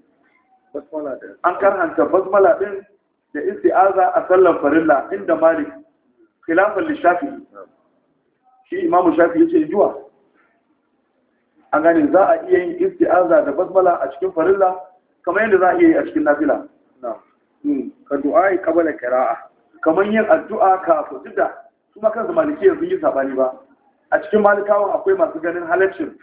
basmala an karhanta basmala din da isti'aza a sallan farilla inda malik khilafan lishafi shi imamu shafi ya ce juwa an gane za a iya yin isti'aza da basmala a cikin farilla kamar yadda za a iya yi a cikin nafila hmm. ka du'ai kabala qira'a kamar yin addu'a ka duk da kuma kansu maliki sun yi sabani ba a cikin malikawan akwai masu ganin halaccin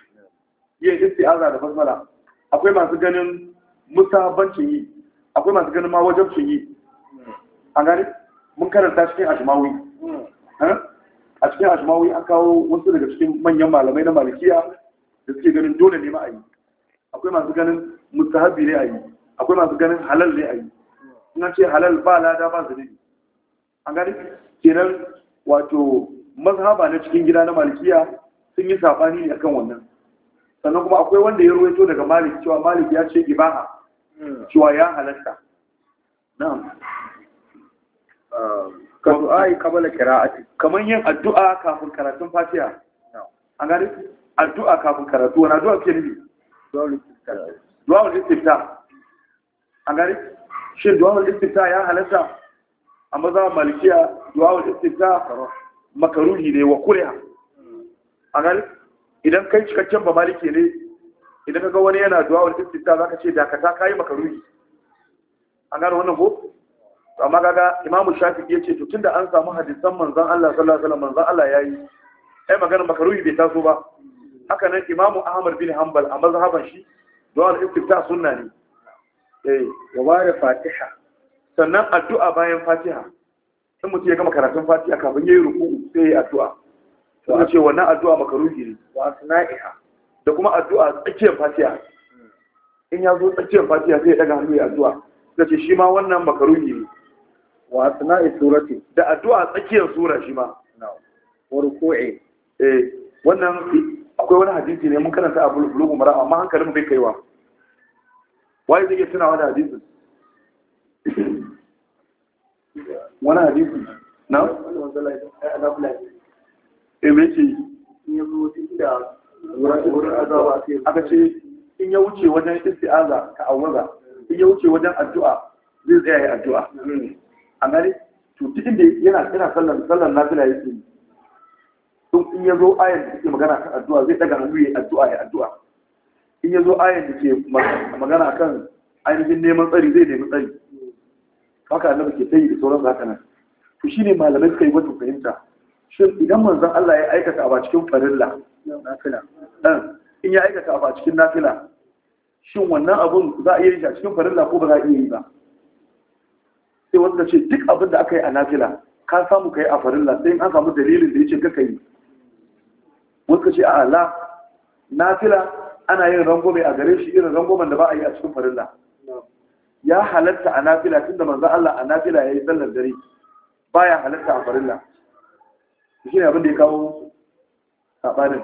yin isti'aza da basmala akwai masu ganin musabancin yi akwai masu ganin ma wajabcin yi hmm. an gane mun karanta cikin ajmawi Eh? a cikin ashmawi an kawo wasu daga cikin manyan malamai na malikiya da suke ganin dole ne ma akwai masu ganin mustahabi ne a yi akwai masu ganin halal ne a yi ina ce halal ba lada ba zunubi an gani kenan wato mazhaba na cikin gida na malikiya sun yi sabani ne akan wannan sannan kuma akwai wanda ya ruwaito daga malik cewa malik ya ce ibaha hmm. cewa ya halatta na'am um, du'a qabla kira'ati kaman yin addu'a kafin karatun Fatiha an gane addu'a kafin karatu wani addu'a ke nufi du'a wal istifta an gane shi du'a wal istifta ya halatta a maza malikiya du'a wal istifta makaruhi ne wa kuriya hmm. an gane idan kai cikakken ba maliki ne idan ka ga wani yana du'a wal za zaka ce dakata kai makaruhi an gane wannan ko amma kaga imamu ya ce to tunda an samu hadisan manzan Allah sallallahu alaihi wasallam ya Allah yayi ai maganar makaruhi bai taso ba haka nan imamu ahmad bin hanbal a mazhaban shi don al-istifta sunna ne eh wa bare fatiha sannan addu'a bayan fatiha in mutum ya gama karatun fatiha kafin yayi ruku'u sai yayi addu'a kuma ce wannan addu'a makaruhi ne wa asna'iha da kuma addu'a tsakiyar fatiha hmm. in ya zo tsakiyar fatiha sai ya daga hannu ya addu'a sai ce shi ma wannan makaruhi ne wa asna'i surati da addu'a tsakiyar sura shi ma wa ruku'i eh wannan akwai wani hadisi ne mun karanta a bulugu mara amma hankalin bai kaiwa waye zai tunawa wani hadisi wani hadisi na ebe ce aka ce in ya wuce wajen isti'aza ka awaza in ya wuce wajen addu'a zai tsaya addu'a hmm. a gani to inda yana yana sallan sallan nafila yake yi in in yazo ayan da take magana kan addu'a zai daga hannu yayi addu'a ya addu'a in yazo ayan da ke magana kan ainihin neman tsari zai nemi tsari haka annabi ke tayi da sauran za haka nan to shine malamai suka yi wajen fahimta shin idan manzon Allah ya aikata ba cikin farilla nafila eh, in ya aikata ba cikin nafila shin wannan abun za a iya yi a cikin farilla ko ba za a iya yi ba sai wanda ce duk abin da aka yi a nafila ka samu ka yi a farilla sai an samu dalilin da ya ce kaka yi wanda ce a ala nafila ana yin rangome a gare shi irin rangomen da ba a yi a cikin farilla ya halatta a nafila tun da manzan Allah a nafila ya yi sallar dare ba ya halatta a farilla shi ne abin da ya kawo saɓanin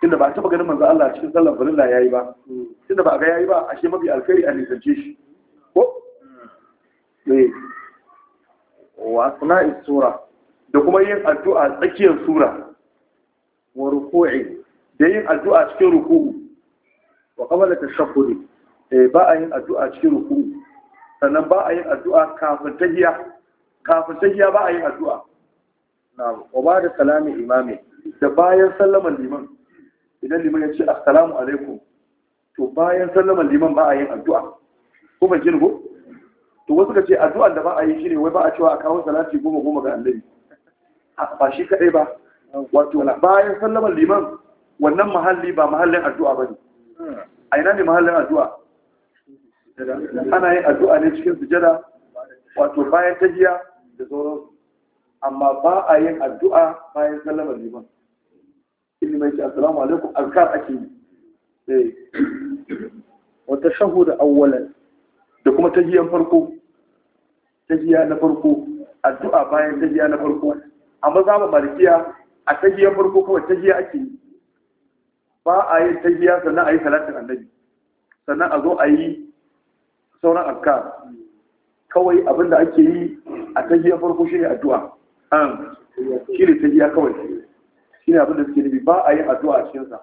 tunda ba a taɓa ganin manzan Allah a cikin sallar farilla ya yi ba tunda ba a ga ya yi ba ashe mafi alkhairi a nisance shi ko wa asna'i sura da kuma yin addu'a tsakiyar sura wa ruku'i da yin addu'a cikin ruku'u wa qabla tashahhud eh ba a yin addu'a cikin ruku'u sannan ba a yin addu'a kafin tahiyya kafin tahiyya ba a yin addu'a Na wa ba da salami imami da bayan sallaman liman idan liman ya ce assalamu alaikum to bayan sallaman liman ba a yin addu'a ko ba jin ko to wasu ka ce addu'an da ba a yi ne, wai ba a cewa a kawo salati goma goma ga annabi ba shi kadai ba wato bayan sallamar liman wannan mahalli ba mahallin addu'a ba ne. a ina ne mahallin addu'a ana yin addu'a ne cikin sujada wato bayan tajiya da sauran amma ba a yin addu'a bayan sallamar liman ilmi mai ce assalamu alaikum azkar ake yi eh. wata da awwalan da kuma tajiyan farko tajiya na farko addu'a bayan tajiya na farko amma za mu barkiya a tajiyan farko kawai tajiya ake yi ba a yi tajiya sannan a yi salatin annabi sannan a zo a yi sauran akka. kawai abin da ake yi a tajiyan farko shine addu'a shi ne tajiya kawai shi ne abin da suke nufi ba a yi addu'a a cikinsa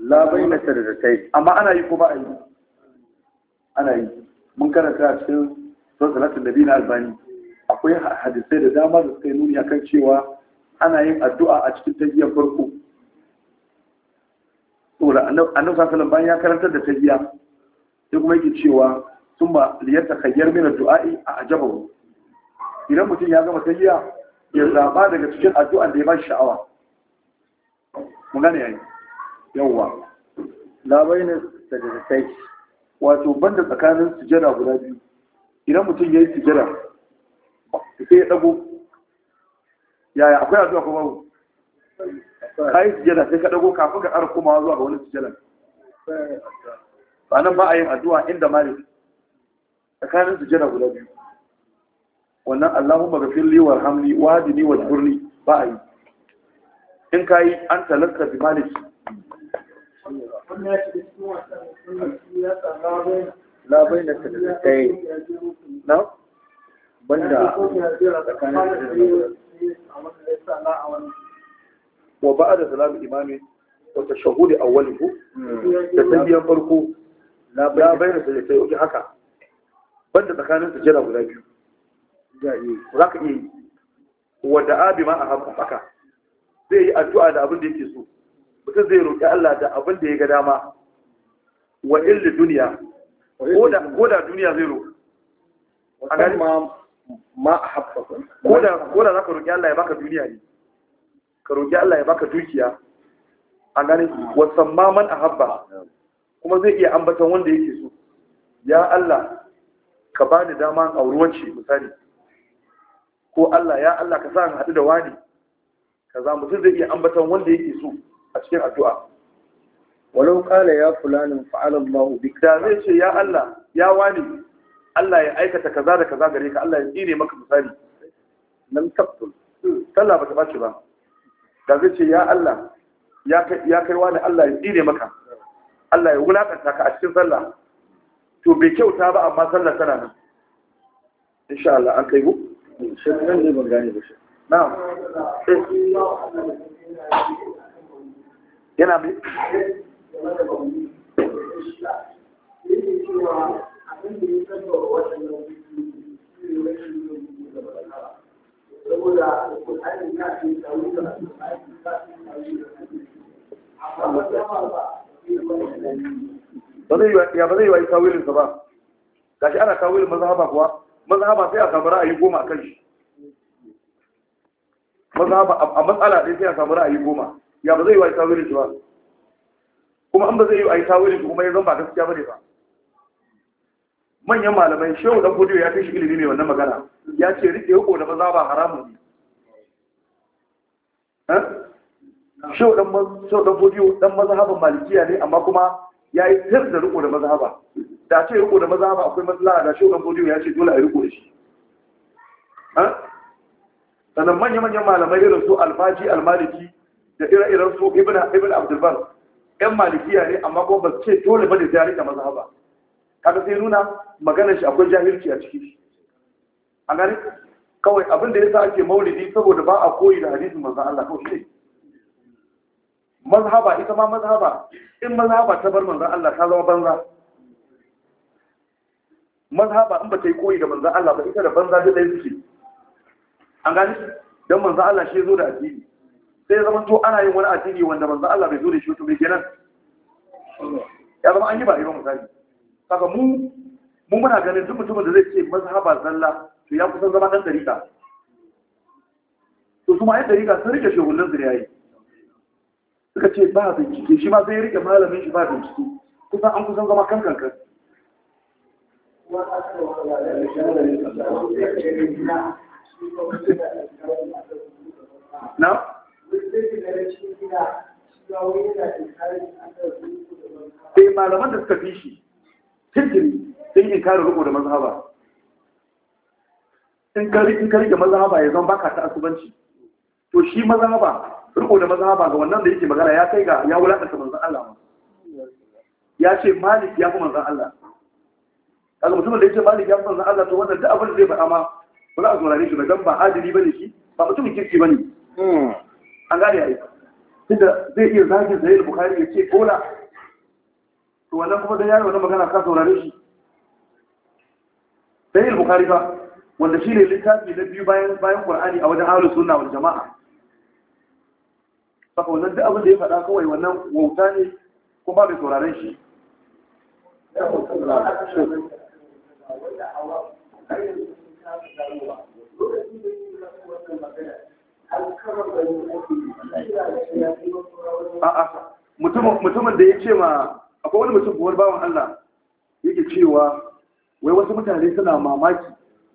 labai na sarrafa amma ana yi ko ba a yi ana yi mun karanta a cikin salatin da na albani akwai hadisai da dama da suka yi nuni akan cewa ana yin addu'a a cikin tajiyar farko saboda annabi sallallahu bayan ya karanta da tajiya sai kuma yake cewa sun ba liyarta kayyar mina duai a ajabahu idan mutum ya gama tajiya ya zaba daga cikin addu'a da ya ba sha'awa mun gane yayi yawwa labai ne da da sai wato banda tsakanin sujada guda biyu idan mutum ya yi sujada sai ya ɗago yaya akwai addu'a kuma babu ka yi sujada sai ka ɗago kafin ka ƙara komawa zuwa ga wani sujada ba nan ba a yin addu'a inda malik tsakanin sujada guda biyu wannan allahumma gafirli warhamni wa wajburni ba a yi in ka yi an talarta bi malik wannan ya shiga cikin wasan sunan ya tsara bai la bai na na banda wa ba da salamu imami wata shahudi awwalihu hmm. da tambiyan farko la bai na sadadatai yau haka banda tsakanin sujjada guda biyu za ka iya yi wadda abi ma a haka zai yi addu'a da abin da yake so mutum zai roƙi Allah da abin da ya ga dama wa illi duniya ko da duniya zai roƙi a gani ma a ko da za ka roƙi Allah ya baka duniya ne ka roƙi Allah ya baka dukiya a gani wasan maman a habba. kuma zai iya ambatan wanda yake so ya Allah ka ba ni dama a wurwanci misali ko Allah ya Allah ka sa in haɗu da wani kaza mutum zai iya ambatan wanda yake so a cikin addu'a walau kala ya fulanin fa'ala Allah bik da zai ce ya Allah ya wani Allah ya aikata kaza da kaza gare ka Allah ya tsire maka misali nan tabtul sallah ba ta ce ba da zai ce ya Allah ya kai wani Allah ya tsire maka Allah ya wulakanta ka a cikin sallah to bai kyauta ba amma sallah tana nan insha Allah an kai go shi ne ban gane ba shi na'am eh. yana mai ya ba zai yi wa yi tawilinsa ba gashi ana tawilin mazhaba kuwa mazhaba sai a samu ra'ayi goma a kan shi mazhaba a matsala ɗaya sai a samu ra'ayi goma ya ba zai yi wa tawilin ba kuma an ba zai yi wa tawilin shi kuma ya ba gaskiya ba ne ba manyan malamai shehu dan godiyo ya kai shi ilimi mai wannan magana ya ce rike hukun da maza ba haramun ne shehu dan shehu dan godiyo dan mazhaban malikiya ne amma kuma ya yi tir da riko da mazhaba da ce riko da mazhaba akwai matsala da shehu dan godiyo ya ce dole a yi riko da shi sannan manya-manyan malamai irin su alfaji almaliki da ire-iren su ibn al-bar yan malikiya ne amma kuma ba su ce dole ba da ziyari da mazhaba kaga sai nuna maganar shi akwai jahilci a ciki a gani kawai abin da yasa ake maulidi saboda ba a koyi da hadisin manzon Allah kawai shi mazhaba ita ma mazhaba in mazhaba ta bar manzon Allah ta zama banza mazhaba in ba ta yi koyi da manzon Allah ba ita da banza da dai suke an gani don manzon Allah shi zo da addini sai zama to ana yin wani addini wanda manzo Allah bai zo da shi to bai kenan ya zama an yi ba ba misali saka mu mu muna ganin duk mutumin da zai ce mazhaba zalla to ya kusan zama dan dariƙa to kuma ai dariƙa sun rike zuriya yi suka ce ba kike shi ma sai rike malamin shi ba kike kusan an kusan zama kankan kan na sai eh, malaman da suka fi shi tuntuni sun yi kare riko da mazhaba in ka da mazhaba ya zama baka ta asubanci to shi mazhaba riko da mazhaba ga wannan da yake magana ya kai ga ya wulakanta manzon Allah ya ce malik ya fi manzon Allah kaga mutumin da ya ce malik ya fi manzon Allah to wannan duk abin da zai faɗa ma ba za a saurare shi ba dan ba adili bane shi ba mutumin kirki bane hmm. an gari ya yi tunda zai iya zagin zai da bukari ya ce kola to wannan kuma da yaro wannan magana ka saurare shi yi bukari ba wanda shi ne littafi na biyu bayan bayan qur'ani a wajen halin suna wani jama'a saka wannan duk abin da ya faɗa kawai wannan wauta ne kuma ba mai sauraren shi Thank you. a'a mutumin da ya ce ma akwai wani mutum buwar bawan Allah yake cewa wai wasu mutane suna mamaki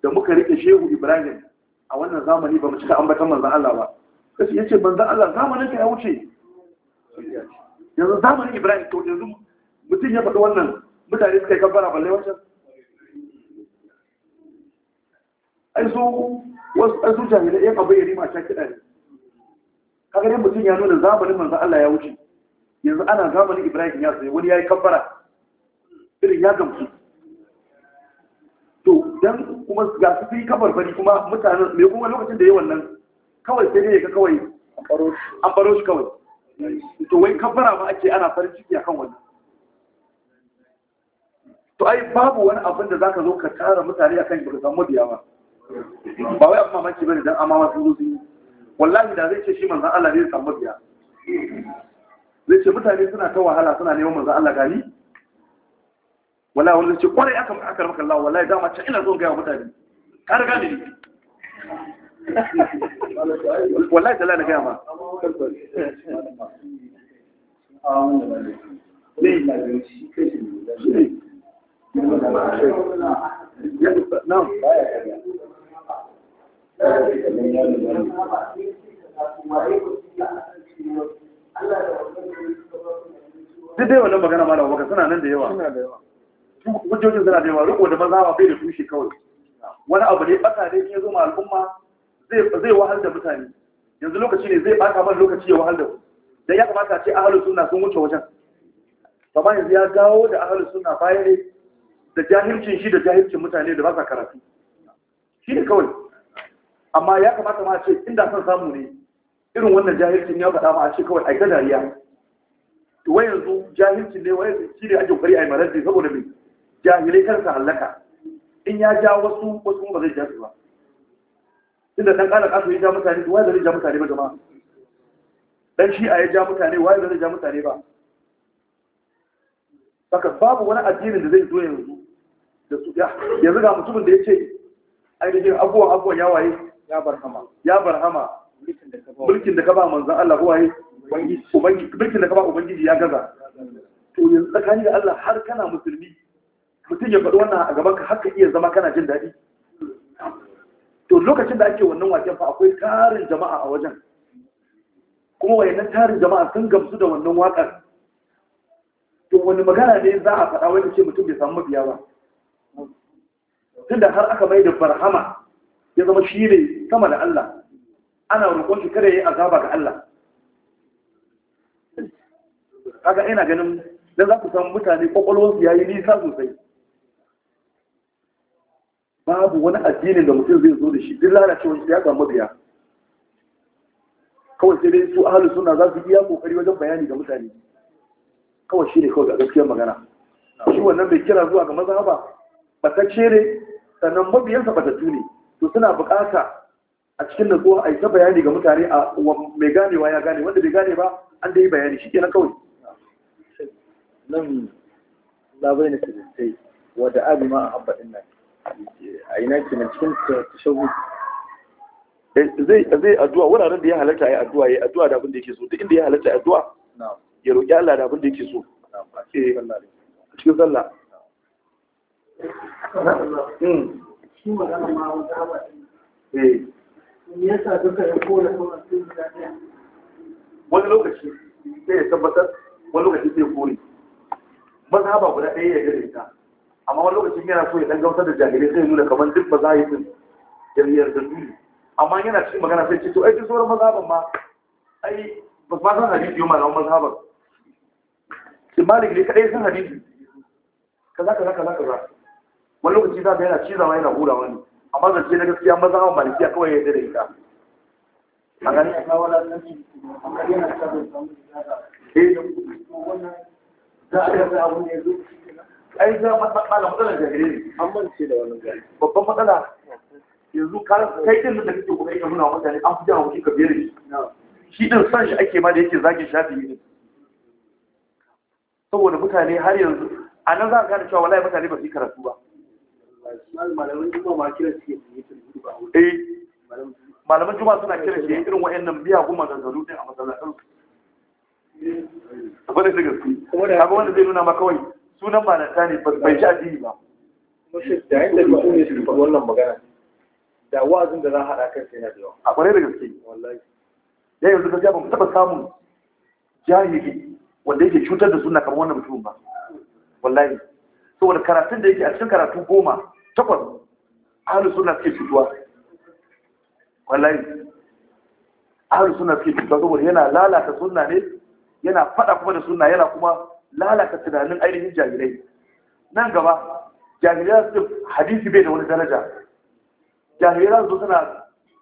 da muka rike shehu ibrahim a wannan zamani ba mu cika ambatan manzan Allah ba kasu ya ce manzan Allah zamanin ka ya wuce yanzu zamanin ibrahim to yanzu mutum ya faɗi wannan mutane suka yi kabbara ballai wancan ai so wasu ɗan su jahilai yan abu ya rima ta kiɗa ne kaga ne mutum ya nuna zamanin manzo Allah ya wuce yanzu ana zamanin Ibrahim ya sai wani ya yi kabbara irin ya gamsu to dan kuma ga su yi kabar bari kuma mutanen me kuma lokacin da yayi wannan kawai sai ya ka kawai an baro shi kawai to wai kabbara ma ake ana farin ciki akan wannan to ai babu wani abin da zaka zo ka tara mutane akan baka san mabiya ba ba wai abin mamaki bane dan amawa sun zo sun yi wallahi da zai ce shi manzon Allah ne samu biya zai ce mutane suna ta wahala suna neman manzon Allah gani wallahi wanda ce kwarai aka aka maka Allah wallahi dama can ina zo ga mutane ka riga ne wallahi da lana ga ma Na'am. duk dai wannan magana malam baka suna nan da yawa hujjojin suna da yawa riko da mazawa bai da tushe kawai wani abu ne baka ne ya zo ma al'umma zai wahal da mutane yanzu lokaci ne zai baka ban lokaci ya wahal da ku dan ya kamata ce ahlus sunna sun wuce wajen amma yanzu ya dawo da ahlus sunna suna ne da jahilcin shi da jahilcin mutane da ba sa karatu shi ne kawai amma ya kamata ma ce inda son samu ne irin wannan jahilcin ya faɗa ma a ce kawai aika dariya wai yanzu jahilcin ne wai shi ne ake kokari a yi malarci saboda mai jahilai kan sa hallaka in ya ja wasu wasu kuma ba zai ja su ba inda dan kana kasu ya ja mutane to wai zai ja mutane ba jama'a dan shi a ya ja mutane wai zai ja mutane ba saka babu wani addinin da zai zo yanzu da su ya yanzu ga mutumin da ya ce ainihin abubuwan abubuwan ya waye ya barhama ya barhama mulkin da ka ba manzon Allah waye ubangiji mulkin da ka ba ubangiji ya gaza to yanzu tsakani da Allah har kana musulmi mutum ya faɗi wannan a gaban ka haka iya zama kana jin daɗi to lokacin da ake wannan waken fa akwai tarin jama'a a wajen kuma wayannan tarin jama'a sun gamsu da wannan waƙar to wani magana ne za a faɗa wani ce mutum bai samu mabiya ba tunda har aka mai da barhama ya zama shi ne sama da Allah ana rukun shi kada ya yi azaba ga Allah kaga ina ganin dan za ku san mutane kwakwalwarsu ya yi nisa sosai babu wani addinin da mutum zai zo da shi duk lalacewar shi ya gamu mabiya kawai sai dai su ahalu suna za su iya kokari wajen bayani ga mutane kawai shi ne kawai a gaskiyar magana shi wannan bai kira zuwa ga ba? ta ne sannan mabiyansa ta ne to suna bukata a cikin natsuwa a yi ta bayani ga mutane a mai ganewa ya gane wanda bai gane ba an da yi bayani shi kenan kawai nan labai na sirrisai wadda abi ma a haɓa nan a yi nan kenan cikin tashawu eh, zai addu'a wuraren da ya halatta ya addu'a ya addu'a da abin da yake so duk inda ya halatta addu'a ya roƙi Allah da abin da yake so cikin sallah shi magana ma wata haɓa eh me yasa duka ya kora sauran sun lafiya wani lokaci sai ya tabbatar wani lokaci sai ya maza ba guda ɗaya ya gare ta amma wani lokacin yana so ya ɗan gamsar da jahilai sai ya nuna kamar duk ba za yi din jahiliyar da duni amma yana cikin magana sai ce to ai duk sauran mazhaban ma ai ba ma san hadisi yau malaman mazhaban sai malik ne kadai san hadisi kaza kaza kaza kaza wani lokaci za ka yana cizawa yana hura wani amma zance na gaskiya maza hawan malikiya kawai ya dare ita eh. a gani ai za a matsala matsalar jahire ne an mance da wani gari babban matsala yanzu kai din da kake kuma yake nuna mutane an fi jawo kuɗi ka biyar shi shi din san shi ake ma da yake zagin shafi ne saboda mutane har yanzu a nan za ka gane cewa wallahi mutane ba su yi karatu ba eh malaman juma suna kiran shi irin wa'annan biya kuma zanzaru din a masallatan su ba da gaske kaga wanda zai nuna ma kawai sunan malanta ne bai ji addini ba da inda mutum ne su wannan magana da wa'azin da za a haɗa kan sai na da yawa a kwarai da gaske wallahi ya yanzu gaskiya ba mu taɓa samun jahili wanda yake cutar da suna kamar wannan mutum ba wallahi saboda karatun da yake a cikin karatu goma takwas ahalus suna suke cutuwa wallahi ahalus suna suke cutuwa saboda yana lalata sunna ne yana fada kuma da sunna yana kuma lalata tunanin ainihin jahilai nan gaba jahilai su hadisi bai da wani daraja jahilai su suna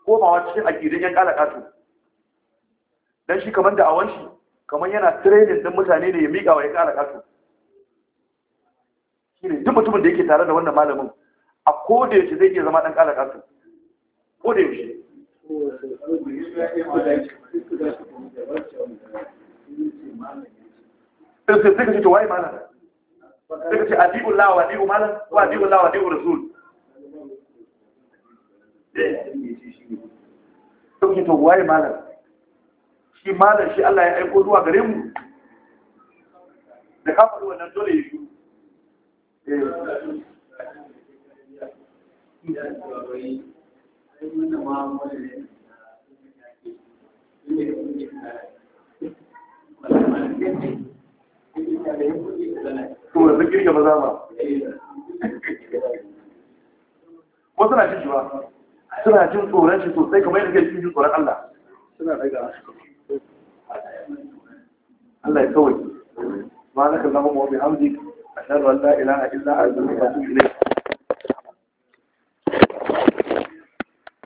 komawa cikin aƙidin yan ƙala ƙasu don shi kamar da'awan shi kamar yana training din mutane ne ya miƙa wa ya ƙala ƙasu shi ne duk mutumin da yake tare da wannan malamin a koda shi zai iya zama ɗan ƙala ƙasa koda yaushe sai ka ce to waye malam sai ka ce adi'ullah wa adi'u malam wa adi'ullah wa adi'u rasul sai ka ce to waye malam shi malam shi Allah ya aiko zuwa gare mu da kafa nan dole ya shi eh. kuma sun girka maza ba ko suna cin ba suna cin tsoron shi sosai kamar yadda kai cin tsoron Allah suna daga Allah ya kawai ba na kallon mawabi hamdi a shan la ilaha illa anta astaghfiruka wa